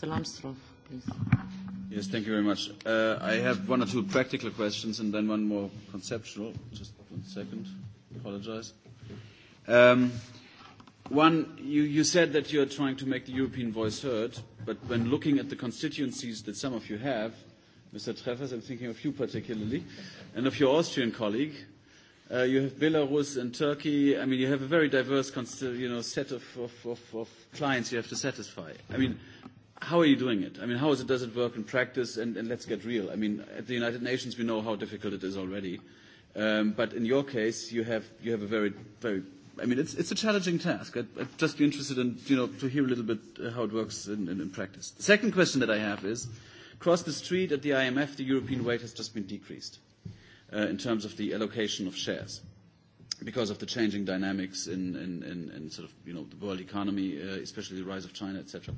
Herr Lambsdorff, please. Yes, thank you very much. Uh, I have one or two practical questions and then one more conceptual. Just one second. Apologize. Um, one, you said that you're trying to make the European voice heard, but when looking at the constituencies that some of you have, Mr. Treffers, I'm thinking of you particularly, and of your Austrian colleague, uh, you have Belarus and Turkey. I mean, you have a very diverse set of clients you have to satisfy. I mean, How are you doing it? I mean, how is it, does it work in practice? And, and let's get real. I mean, at the United Nations, we know how difficult it is already. Um, but in your case, you have, you have a very, very, I mean, it's, it's a challenging task. I'd, I'd just be interested in, you know, to hear a little bit uh, how it works in, in, in practice. The second question that I have is, across the street at the IMF, the European weight has just been decreased uh, in terms of the allocation of shares because of the changing dynamics in, in, in, in sort of, you know, the world economy, uh, especially the rise of China, et cetera.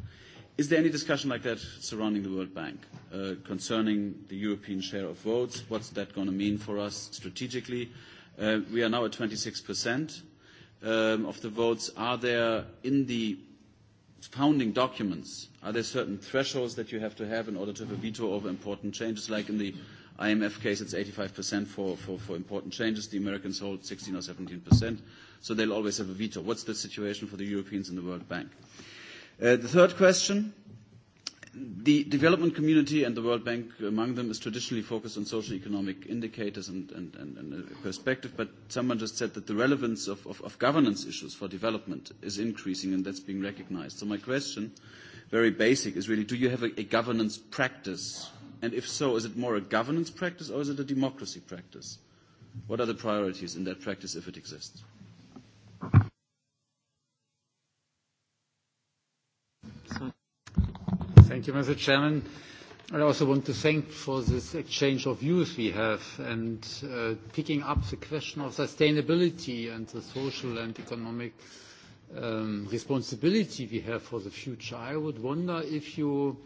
Is there any discussion like that surrounding the World Bank uh, concerning the European share of votes? What's that going to mean for us strategically? Uh, we are now at 26% um, of the votes. Are there in the founding documents, are there certain thresholds that you have to have in order to have a veto over important changes? Like in the IMF case, it's 85% for, for, for important changes. The Americans hold 16 or 17%. So they'll always have a veto. What's the situation for the Europeans and the World Bank? Uh, the third question, the development community and the World Bank among them is traditionally focused on social economic indicators and perspective, but someone just said that the relevance of governance issues for development is increasing, and that's being recognized. My question, very basic, is really, do you have a governance practice? If so, is it more a governance practice or is it a democracy practice? What are the priorities in that practice if it exists? Thank Mr. Chairman. I also want to thank for this exchange of views we have and uh, picking up the question of sustainability and the social and economic um, responsibility we have for the future. I would wonder if you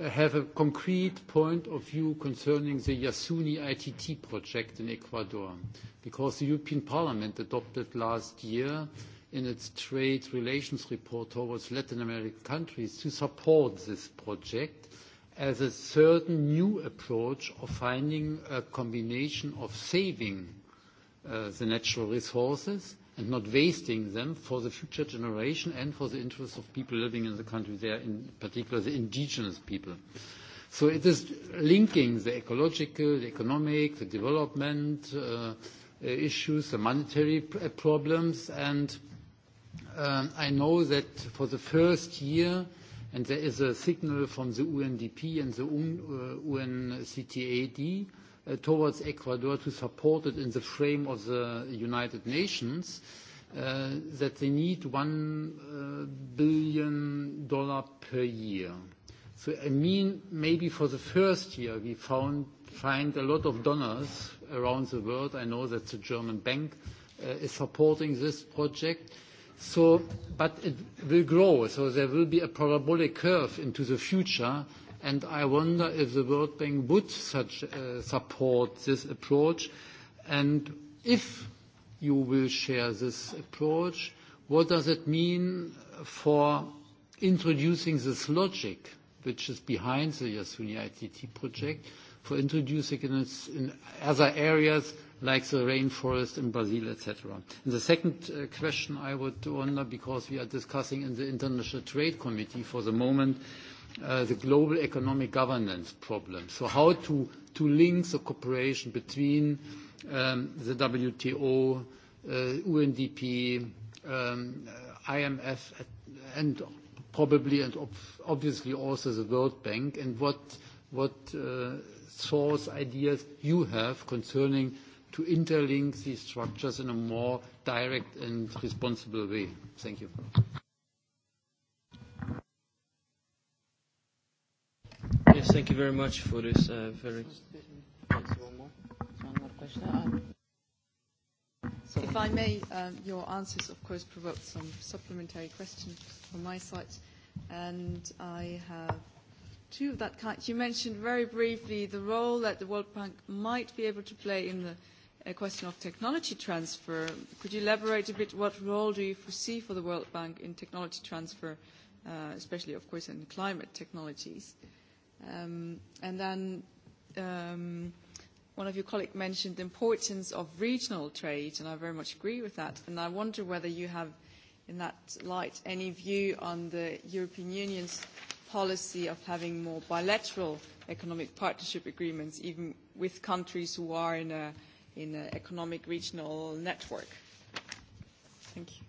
have a concrete point of view concerning the Yasuni ITT project in Ecuador, because the European Parliament adopted last year in its trade relations report towards Latin American countries to support this project as a certain new approach of finding a combination of saving uh, the natural resources and not wasting them for the future generation and for the interests of people living in the country there, in particular the indigenous people. So it is linking the ecological, the economic, the development uh, issues, the monetary problems, and uh, Uh, I know that for the first year, and there is a signal from the UNDP and the UNCTAD uh, uh, towards Ecuador to support it in the frame of the United Nations, that they need $1 billion per year. I mean, maybe for the first year, we find a lot of donors around the world. I know that the German bank is supporting this project. It will grow, so there will be a parabolic curve into the future, and I wonder if the World Bank would uh, support this approach. If you will share this approach, what does it mean for introducing this logic, which is behind the Yasuni-ITT project, for introducing it in other areas like the rainforest in Brazil, et cetera? The second uh, question I would wonder, because we are discussing in the International Trade Committee for the moment, uh, the global economic governance problem. How to link the cooperation between um, the WTO, UNDP, uh, um, IMF, and probably and obviously also the World Bank, and what thoughts, ideas you have concerning to interlink these structures in a more direct and responsible way? Thank you. Yes, thank you very much for this, uh, very- There's one more. One more question. Ah. If I may, um, your answers, of course, provoked some supplementary questions from my side, and I have two of that kind. You mentioned very briefly the role that the World Bank might be able to play in the a question of technology transfer. Could you elaborate a bit what role do you foresee for the World Bank in technology transfer, uh, especially, of course, in climate technologies? Um, and then um, one of your colleagues mentioned the importance of regional trade, and I very much agree with that. And I wonder whether you have, in that light, any view on the European Union's policy of having more bilateral economic partnership agreements, even with countries who are in a in an economic regional network. Thank you.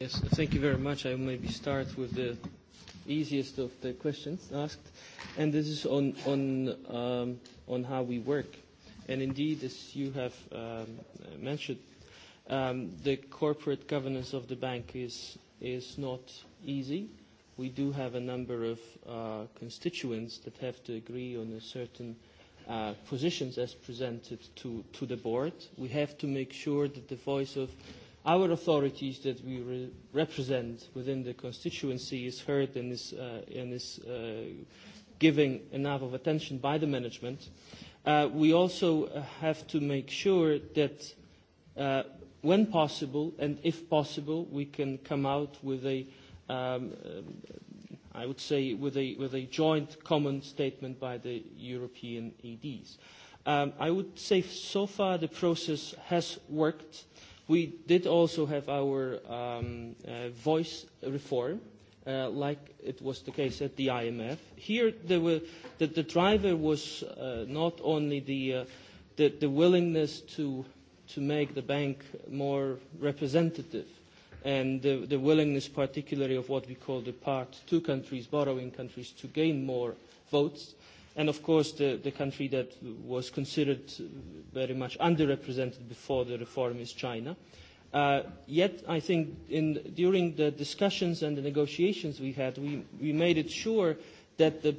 Yes, thank you very much. I will maybe start with the easiest of the questions asked, and this is on um, how we work. Indeed, as you have um, mentioned, um, the corporate governance of the bank is not easy we do have a number of uh, constituents that have to agree on a certain uh, positions as presented to, to the board. We have to make sure that the voice of our authorities that we re represent within the constituency is heard and is, uh, and is uh, giving enough of attention by the management. Uh, we also uh, have to make sure that uh, when possible and if possible, we can come out with a uh, Um, um, I would say, with a, with a joint common statement by the European EDs. Um, I would say so far the process has worked. We did also have our um, uh, voice reform, uh, like it was the case at the IMF. Here, there were, the, the driver was uh, not only the, uh, the, the willingness to, to make the bank more representative and the, the willingness particularly of what we call the part two countries, borrowing countries, to gain more votes. And of course, the, the country that was considered very much underrepresented before the reform is China. Uh, yet, I think in, during the discussions and the negotiations we had, we, we made it sure that the,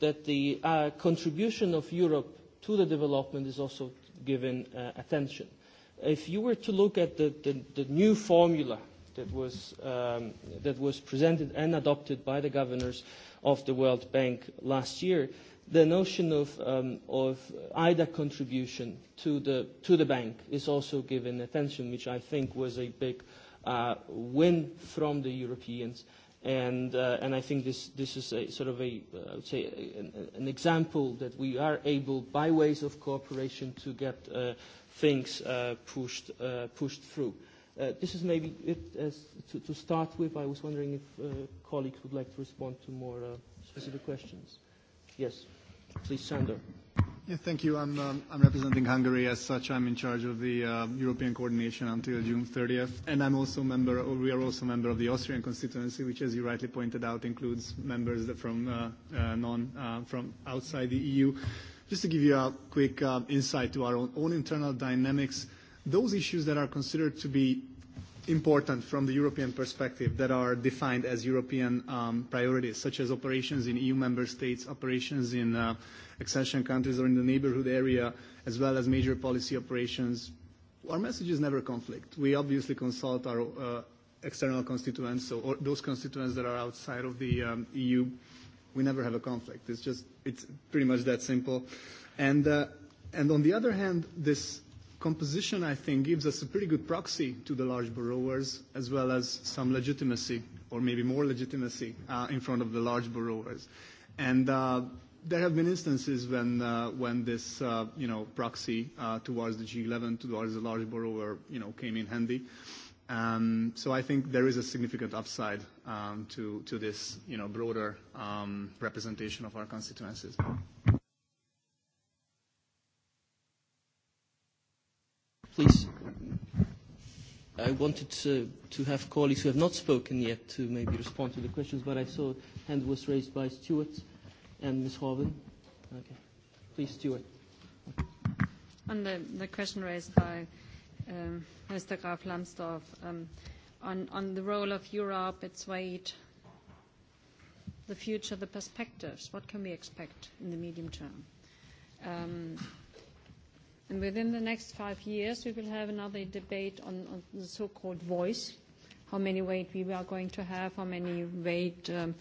that the uh, contribution of Europe to the development is also given uh, attention. If you were to look at the, the, the new formula that was um, that was presented and adopted by the governors of the World Bank last year, the notion of um, of IDA contribution to the to the bank is also given attention, which I think was a big uh, win from the Europeans. And, uh, and I think this, this is a sort of a, uh, say an, an example that we are able, by ways of cooperation, to get uh, things uh, pushed, uh, pushed through. Uh, Uh, this is maybe it as to, to start with. I was wondering if uh, colleagues would like to respond to more uh, specific questions. Yes, please, Sander. Yeah, thank you. I'm, um, I'm representing Hungary as such. I'm in charge of the uh, European coordination until June 30th. And I'm also member, or we are also member of the Austrian constituency, which, as you rightly pointed out, includes members from, uh, uh, non, uh, from outside the EU. Just to give you a quick uh, insight to our own, own internal dynamics, uh, those issues that are considered to be important from the European perspective that are defined as European um, priorities, such as operations in EU member states, operations in uh, accession countries or in the neighborhood area, as well as major policy operations, our message is never conflict. We obviously consult our uh, external constituents, so or those constituents that are outside of the um, EU. We never have a conflict. It's just, it's pretty much that simple. And, uh, and on the other hand, this composition, I think, gives us a pretty good proxy to the large borrowers, as well as some legitimacy, or maybe more legitimacy, uh, in front of the large borrowers. And uh, there have been instances when, uh, when this uh, you know, proxy uh, towards the G11, towards the large borrower, you know, came in handy. Um, so I think there is a significant upside um, to, to this you know, broader um, representation of our constituencies. please. I wanted to, to have colleagues who have not spoken yet to maybe respond to the questions, but I saw hand was raised by Stuart and Ms. Harvin. Okay. Please, Stuart. On the, the question raised by um, Mr. Graf Lambsdorff um, on, on the role of Europe, its weight, the future, the perspectives, what can we expect in the medium term? Um, And within the next five years, we will have another debate on, on the so-called voice, how many weight we are going to have, how many weight, um,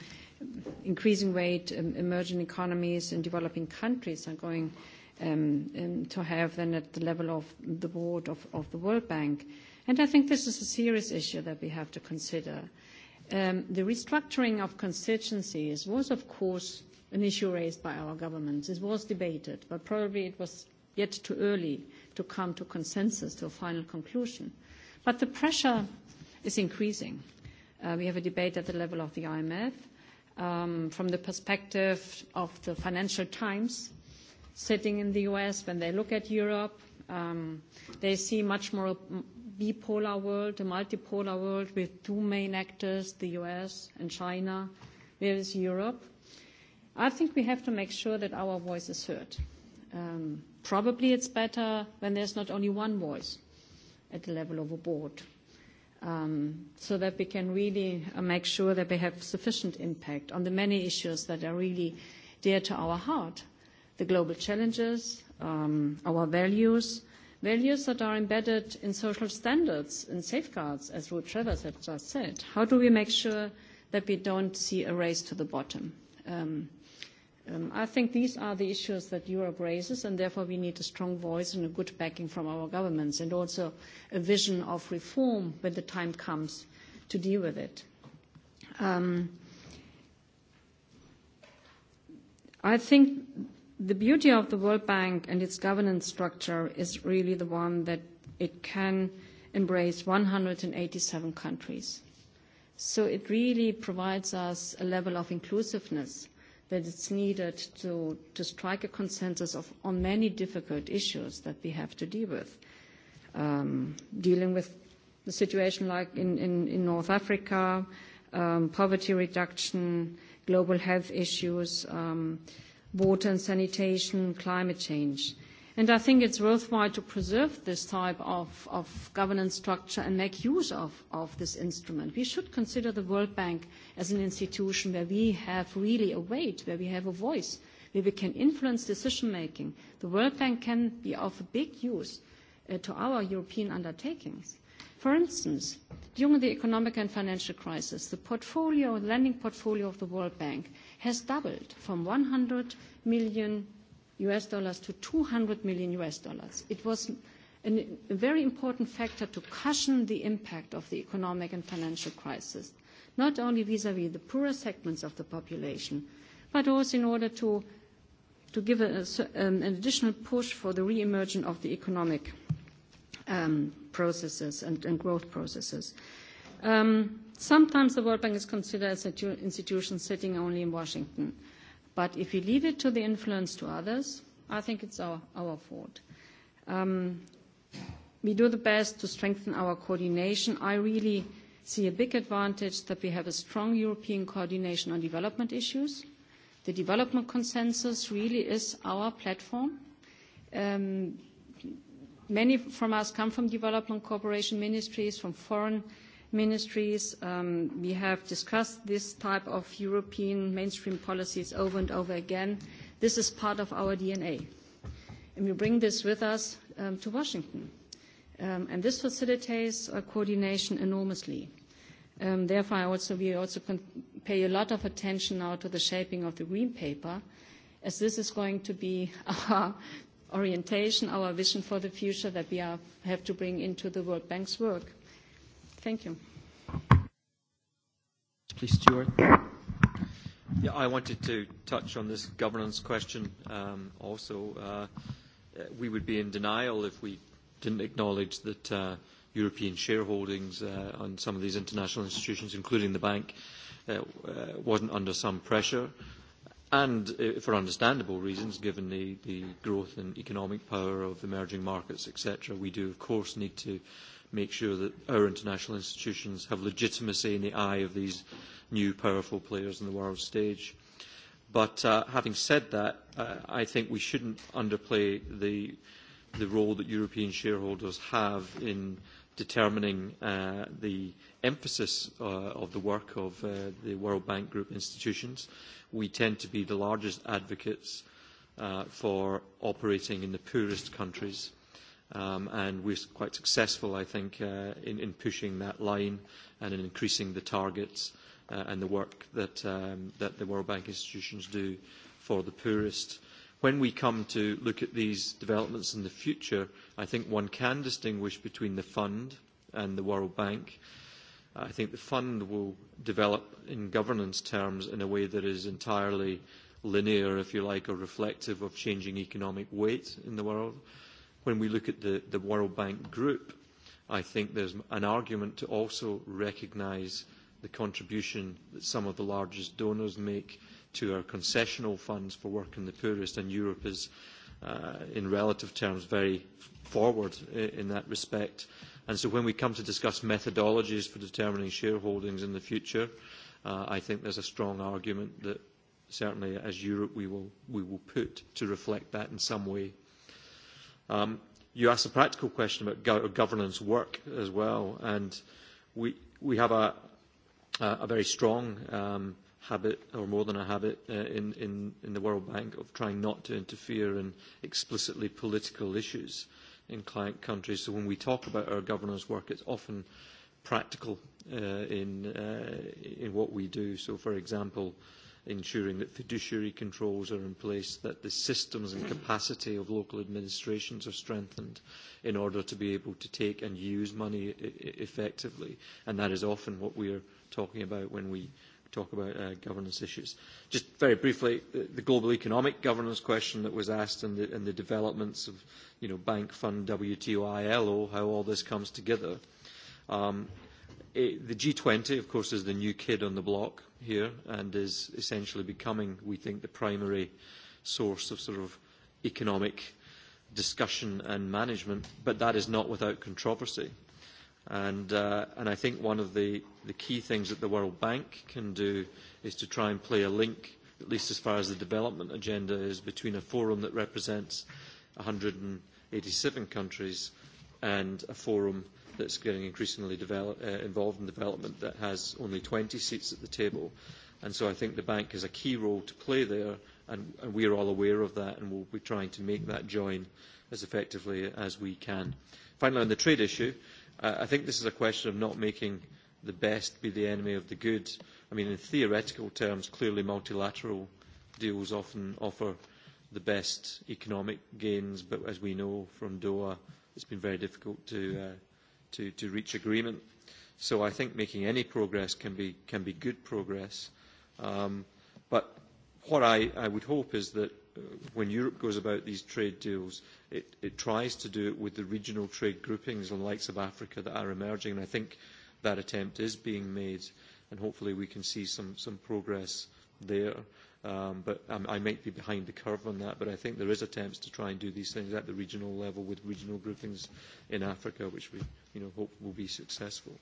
increasing weight um, emerging economies and developing countries are going um, um, to have then at the level of the board of, of the World Bank. And I think this is a serious issue that we have to consider. Um, the restructuring of constituencies was, of course, an issue raised by our governments. It was debated, but probably it was yet too early to come to consensus, to a final conclusion. But the pressure is increasing. Uh, we have a debate at the level of the IMF. Um, from the perspective of the Financial Times, sitting in the US, when they look at Europe, um, they see much more a bipolar world, a multipolar world with two main actors, the US and China. There is Europe. I think we have to make sure that our voice is heard um, probably it's better when there's not only one voice at the level of a board, um, so that we can really uh, make sure that we have sufficient impact on the many issues that are really dear to our heart the global challenges, um, our values, values that are embedded in social standards and safeguards, as Ruth Travers has just said. How do we make sure that we don't see a race to the bottom? Um, Um, I think these are the issues that Europe raises, and therefore we need a strong voice and a good backing from our governments, and also a vision of reform when the time comes to deal with it. Um, I think the beauty of the World Bank and its governance structure is really the one that it can embrace 187 countries. So it really provides us a level of inclusiveness that it's needed to, to strike a consensus of, on many difficult issues that we have to deal with. Um, dealing with the situation like in, in, in North Africa, um, poverty reduction, global health issues, um, water and sanitation, climate change. And I think it's worthwhile to preserve this type of, of governance structure and make use of, of this instrument. We should consider the World Bank as an institution where we have really a weight, where we have a voice, where we can influence decision making. The World Bank can be of big use uh, to our European undertakings. For instance, during the economic and financial crisis, the portfolio, the lending portfolio of the World Bank has doubled from 100 million $200 million. It was a very important factor to cushion the impact of the economic and financial crisis, not only vis-à-vis the poorer segments of the population, but also in order to give us um, an additional push for the reemergence of the economic um, processes and growth processes. Um, sometimes the World Bank is considered as an institution sitting only in Washington. But if we leave it to the influence to others, I think it's our, our fault. Um, we do the best to strengthen our coordination. I really see a big advantage that we have a strong European coordination on development issues. The development consensus really is our platform. Um, many from us come from development cooperation ministries, from foreign uh, ministries. Um, we have discussed this type of European mainstream policies over and over again. This is part of our DNA. And we bring this with us um, to Washington. Um, and this facilitates our uh, coordination enormously. Um, therefore, I also, we also can pay a lot of attention now to the shaping of the Green Paper, as this is going to be our orientation, our vision for the future that we are, have to bring into the World Bank's work. Thank you. Please, Stuart. Yeah, I wanted to touch on this governance question um, also. Uh, uh, we would be in denial if we didn't acknowledge that uh, European shareholdings uh, on some of these international institutions, including the bank, uh, uh wasn't under some pressure. And uh, for understandable reasons, given the, the growth and economic power of emerging markets, etc., we do, of course, need to uh, make sure that our international institutions have legitimacy in the eye of these new powerful players on the world stage. But uh, having said that, uh, I think we shouldn't underplay the, the role that European shareholders have in determining uh, the emphasis uh, of the work of uh, the World Bank Group institutions. We tend to be the largest advocates uh, for operating in the poorest countries um, and we're quite successful, I think, uh, in, in pushing that line and in increasing the targets uh, and the work that, um, that the World Bank institutions do for the poorest. When we come to look at these developments in the future, I think one can distinguish between the fund and the World Bank. I think the fund will develop in governance terms in a way that is entirely linear, if you like, or reflective of changing economic weight in the world when we look at the, the World Bank group, I think there's an argument to also recognize the contribution that some of the largest donors make to our concessional funds for work in the poorest, and Europe is, uh, in relative terms, very forward in that respect. And so when we come to discuss methodologies for determining shareholdings in the future, uh, I think there's a strong argument that certainly as Europe we will, we will put to reflect that in some way. Um, you asked a practical question about go- governance work as well, and we, we have a, a very strong um, habit, or more than a habit, uh, in, in, in the World Bank of trying not to interfere in explicitly political issues in client countries. So when we talk about our governance work, it's often practical uh, in, uh, in what we do. So, for example, uh, ensuring that fiduciary controls are in place, that the systems and capacity of local administrations are strengthened in order to be able to take and use money I e-, e-, effectively. And that is often what we are talking about when we talk about uh, governance issues. Just very briefly, the, the global economic governance question that was asked and the, the developments of you know, bank fund WTO, ILO, how all this comes together. Um, Eh, the G20, of course, is the new kid on the block here and is essentially becoming, we think, the primary source of sort of economic discussion and management, but that is not without controversy. And, uh, and I think one of the, the key things that the World Bank can do is to try and play a link, at least as far as the development agenda is, between a forum that represents 187 countries and a forum – that's getting increasingly develop, uh, involved in development that has only 20 seats at the table. And so I think the bank has a key role to play there, and, and we are all aware of that, and we'll be trying to make that join as effectively as we can. Finally, on the trade issue, uh, I think this is a question of not making the best be the enemy of the good. I mean, in theoretical terms, clearly multilateral deals often offer the best economic gains, but as we know from Doha, it's been very difficult to... Uh, to, to reach agreement. So I think making any progress can be, can be good progress. Um, but what I, I would hope is that uh, when Europe goes about these trade deals, it, it tries to do it with the regional trade groupings and likes of Africa that are emerging. And I think that attempt is being made, and hopefully we can see some, some progress there um, but um, I might be behind the curve on that. But I think there is attempts to try and do these things at the regional level with regional groupings in Africa, which we you know, hope will be successful.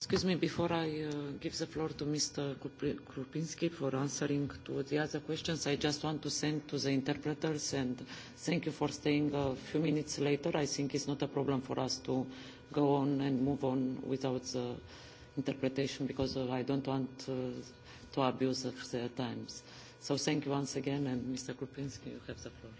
Excuse me, before I uh, give the floor to Mr. Krupinski for answering to the other questions, I just want to send to the interpreters and thank you for staying a few minutes later. I think it's not a problem for us to go on and move on without the uh, interpretation because uh, I don't want to, uh, to abuse of their times. So thank you once again, and Mr. Krupinski, you have the floor.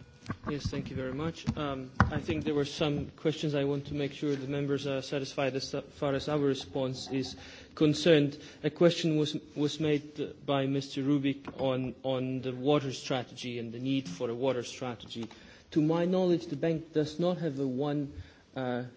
Yes, thank you very much. Um, I think there were some questions I want to make sure the members are satisfied as far as our response is concerned. A question was, was made by Mr. Rubik on, on the water strategy and the need for a water strategy. To my knowledge, the bank does not have a one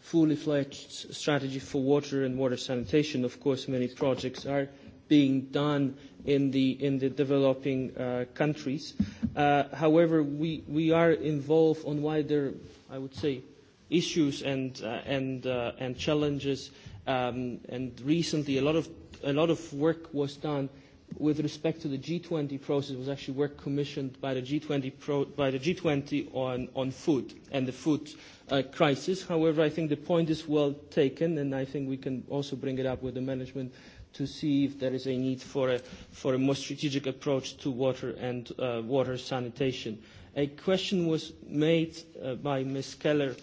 fully fledged strategy for water and water sanitation. Of course, many projects are being done in the in the developing uh, countries. Uh, however, we we are involved on wider, I would say, issues and uh, and uh, and challenges. Um, and recently, a lot of a lot of work was done with respect to the G20 process was actually work commissioned by the G20, pro, by the G20 on, on food and the food uh, crisis. However, I think the point is well taken, and I think we can also bring it up with the management to see if there is a need for a, for a more strategic approach to water and uh, water sanitation. A question was made uh, by Ms. Keller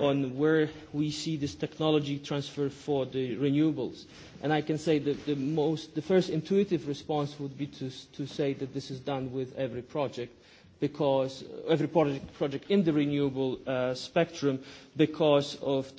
on where we see this technology transfer for the renewables. I can say that the first intuitive response would be to say that this is done with every project in the renewable uh, spectrum because of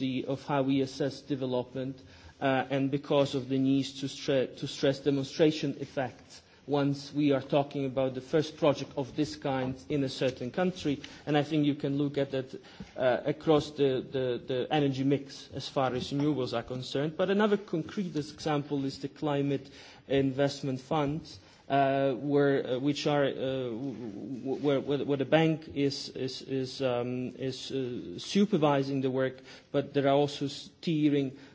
how we assess development, uh, and because of the needs to stress demonstration effects once we are talking about the first project of this kind in a certain country. And I think you can look at that uh, across the, the, the energy mix as far as renewables are concerned. But another concrete example is the climate investment funds. Uh, where, uh, which are uh, where, where, where the bank is, is, is, um, is uh, supervising the work, but there are also steering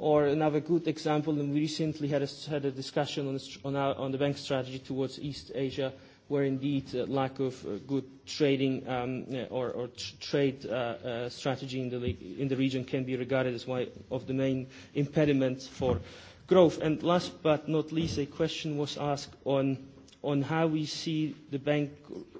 or another good example, and we recently had a, had a discussion on, on, our, on the bank's strategy towards East Asia, where indeed uh, lack of uh, good trading um, uh, or, or tr trade uh, uh, strategy in the, in the region can be regarded as one of the main impediments for growth. And last but not least, a question was asked on uh, on how we see the bank,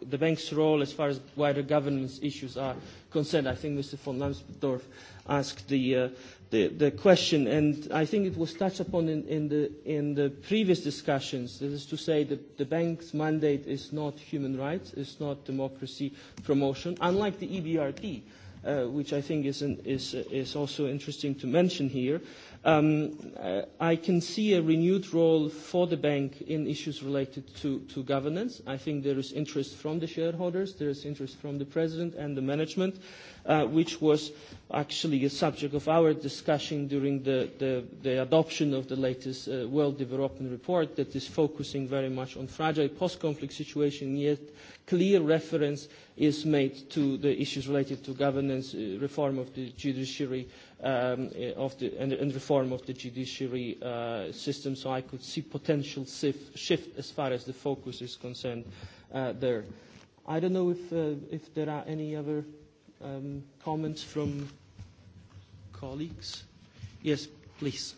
the bank's role as far as wider governance issues are concerned. I think Mr. von Lambsdorff asked the, uh, the, the question, and I think it was touched upon in, in, the, in the previous discussions. That is to say, that the bank's mandate is not human rights, it's not democracy promotion, unlike the EBRD, uh, which I think is, an, is, is also interesting to mention here. Um, uh, I can see a renewed role for the bank in issues related to, to governance. I think there is interest from the shareholders, there is interest from the president and the management, uh, which was actually a subject of our discussion during the, the, the adoption of the latest uh, World Development Report that is focusing very much on fragile post-conflict situation, yet clear reference is made to the issues related to governance, uh, reform of the judiciary, um, eh, of the, and, and reform of the judiciary uh, system. So I could see potential sif- shift as far as the focus is concerned uh, there. I don't know if, uh, if there are any other um, comments from colleagues. Yes, please.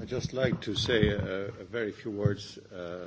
I'd just like to say a, uh, a very few words uh,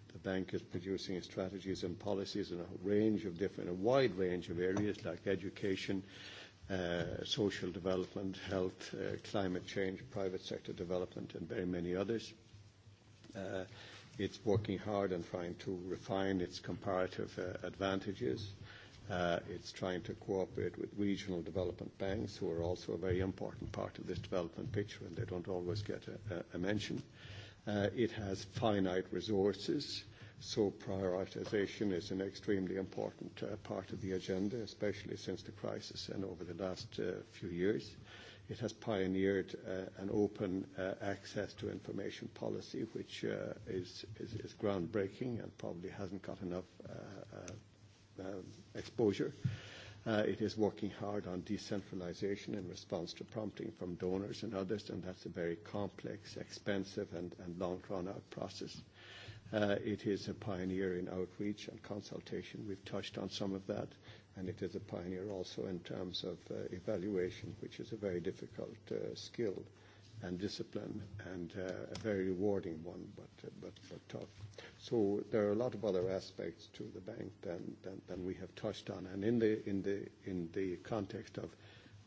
The bank is producing strategies and policies in a range of different, a wide range of areas like education, uh, social development, health, uh, climate change, private sector development, and very many others. Uh, it's working hard and trying to refine its comparative advantages. It's trying to cooperate with regional development banks, who are also a very important part of this development picture, and they don't always get a mention. Uh, it has finite resources, so prioritization is an extremely important uh, part of the agenda, especially since the crisis and over the last uh, few years. It has pioneered an open access to information policy, which is groundbreaking and probably hasn't got enough um, exposure. Uh, it is working hard on decentralization in response to prompting from donors and others, and that's a very complex, expensive, and long drawn-out process. Uh, it is a pioneer in outreach and consultation. We've touched on some of that, and it is a pioneer also in terms of uh, evaluation, which is a very difficult skill and discipline and uh, a very rewarding one, but, uh, but, but tough. So there are a lot of other aspects to the bank than, than, than we have touched on. And in the, in, the, in the context of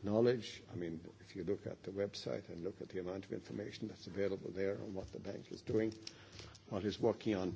knowledge, I mean, if you look at the website and look at the amount of information that's available there on what the bank is doing, what is working on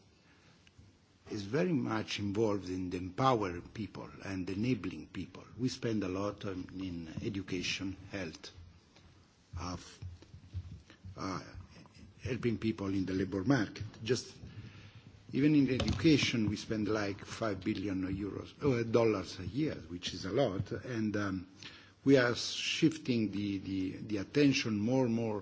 is very much involved in the empowering people and enabling people. We spend a lot on, in education, health, of, uh, helping people in the labor market. Just even in education, we spend like five billion euros uh, dollars a year, which is a lot, and um, we are shifting the, the, the attention more and more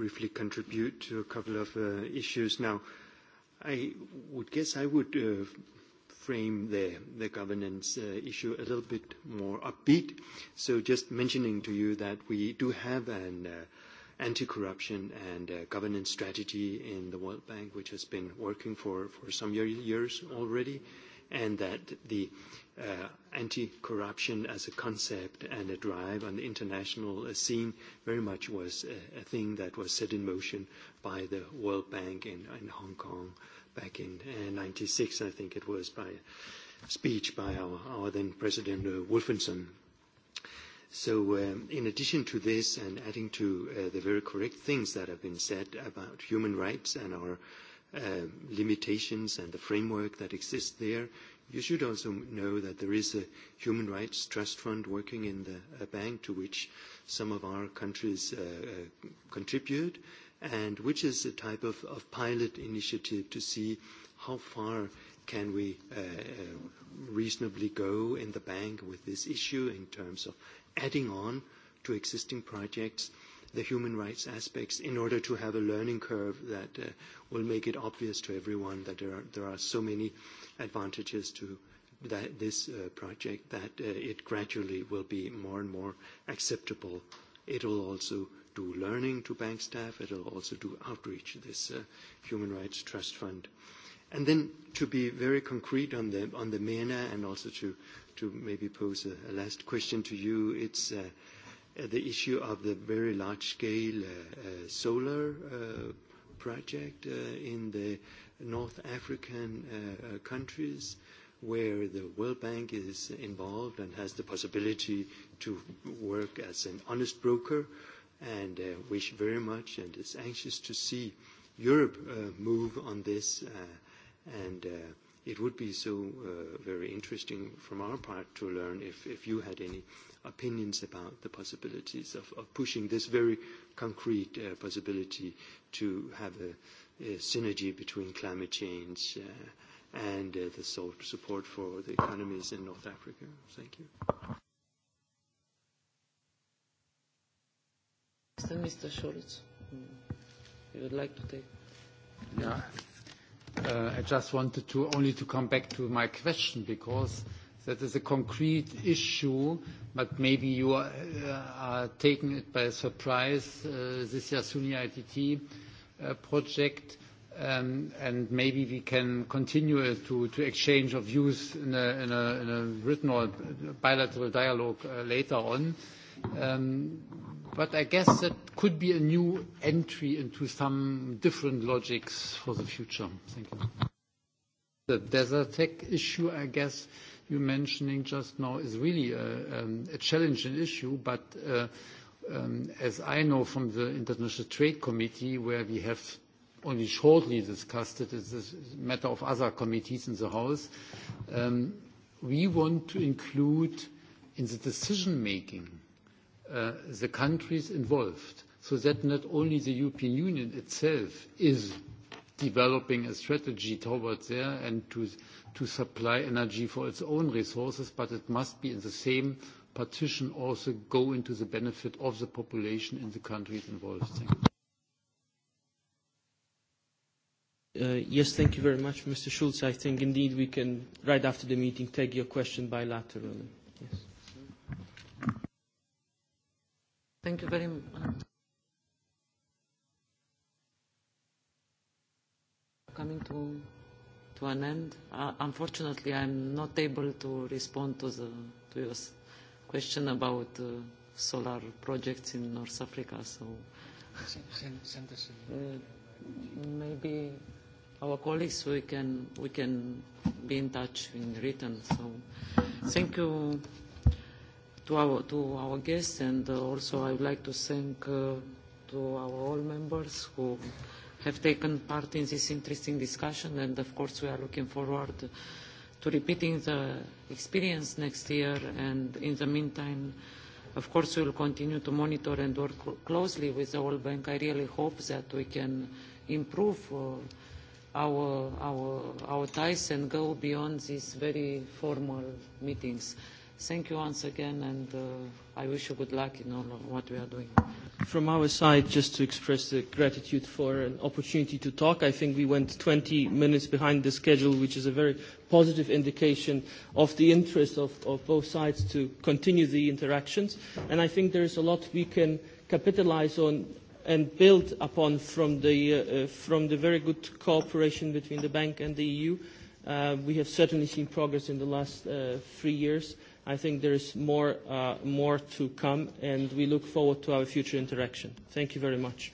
briefly contribute to a couple of uh, issues. Now, I would guess I would uh, frame the, the governance uh, issue a little bit more upbeat. So just mentioning to you that we do have an uh, anti-corruption and uh, governance strategy in the World Bank, which has been working for, for some years already, and that the Uh, anti-corruption as a concept and a drive on the international uh, scene very much was a, a thing that was set in motion by the World Bank in, in Hong Kong back in '96. Uh, I think it was by a speech by our, our then President uh, Wolfenson. So, um, in addition to this, and adding to uh, the very correct things that have been said about human rights and our uh, limitations and the framework that exists there, You should also know that there is a human rights trust fund working in the a bank to which some of our countries uh, uh, contribute, and which is a type of, of pilot initiative to see how far can we uh, uh, reasonably go in the bank with this issue in terms of adding on to existing projects. Uh, the human rights aspects in order to have a learning curve that uh, will make it obvious to everyone that there are, there are so many advantages to that, this uh, project that uh, it gradually will be more and more acceptable. It will also do learning to bank staff. It will also do outreach, this uh, Human Rights Trust Fund. And then to be very concrete on the, on the MENA and also to, to maybe pose a, a last question to you, it's... Uh, Uh, the issue of the very large-scale uh, uh, solar project in the North African countries, where the World Bank is involved and has the possibility to work as an honest broker, and wish very much and is anxious to see Europe move on this and it would be so uh, very interesting from our part to learn if you had any opinions about the possibilities of pushing this very concrete uh, possibility to have a synergy between climate change uh, and the support for the economies in North Africa. Thank you. Mr. Scholz, you would like to take? Yeah. Uh, I just wanted to only to come back to my question because that is a concrete issue, but maybe you uh, are taking it by surprise, uh, this Yasuni ITT project. Um, and maybe we can continue to exchange of views in a written or bilateral dialogue later on. But Um, but I guess that could be a new entry into some different logics for the future. Thank you. The DESERTEC issue, I guess you're mentioning just now, is really a um, challenging issue. But uh, um, as I know from the International Trade Committee, where we have only shortly discussed it, it's a matter of other committees in the House. We want to include in the decision-making Uh, the countries involved so that not only the european union itself is developing a strategy towards there and to to supply energy for its own resources but it must be in the same partition also go into the benefit of the population in the countries involved thank you. Uh, yes, thank you very much, Mr. Schulz. I think indeed we can, right after the meeting, take your question bilaterally. Yes. Thank you very much. Coming to, to an end, uh, unfortunately, I'm not able to respond to, the, to your question about uh, solar projects in North Africa. So send, send, send uh, maybe our colleagues we can we can be in touch in written. So thank you to our, to our guests and uh, also I would like to thank uh, to our all members who have taken part in this interesting discussion and of course we are looking forward to repeating the experience next year and in the meantime of course we will continue to monitor and work closely with the World Bank. I really hope that we can improve uh, our, our, our ties and go beyond these very formal meetings. Thank you once again, and uh, I wish you good luck in all of what we are doing. From our side, just to express the gratitude for an opportunity to talk, I think we went 20 minutes behind the schedule, which is a very positive indication of the interest of, of both sides to continue the interactions. And I think there is a lot we can capitalize on and build upon from the, uh, uh from the very good cooperation between the bank and the EU. Uh, we have certainly seen progress in the last uh, three years. I think there is more, uh, more to come, and we look forward to our future interaction. Thank you very much.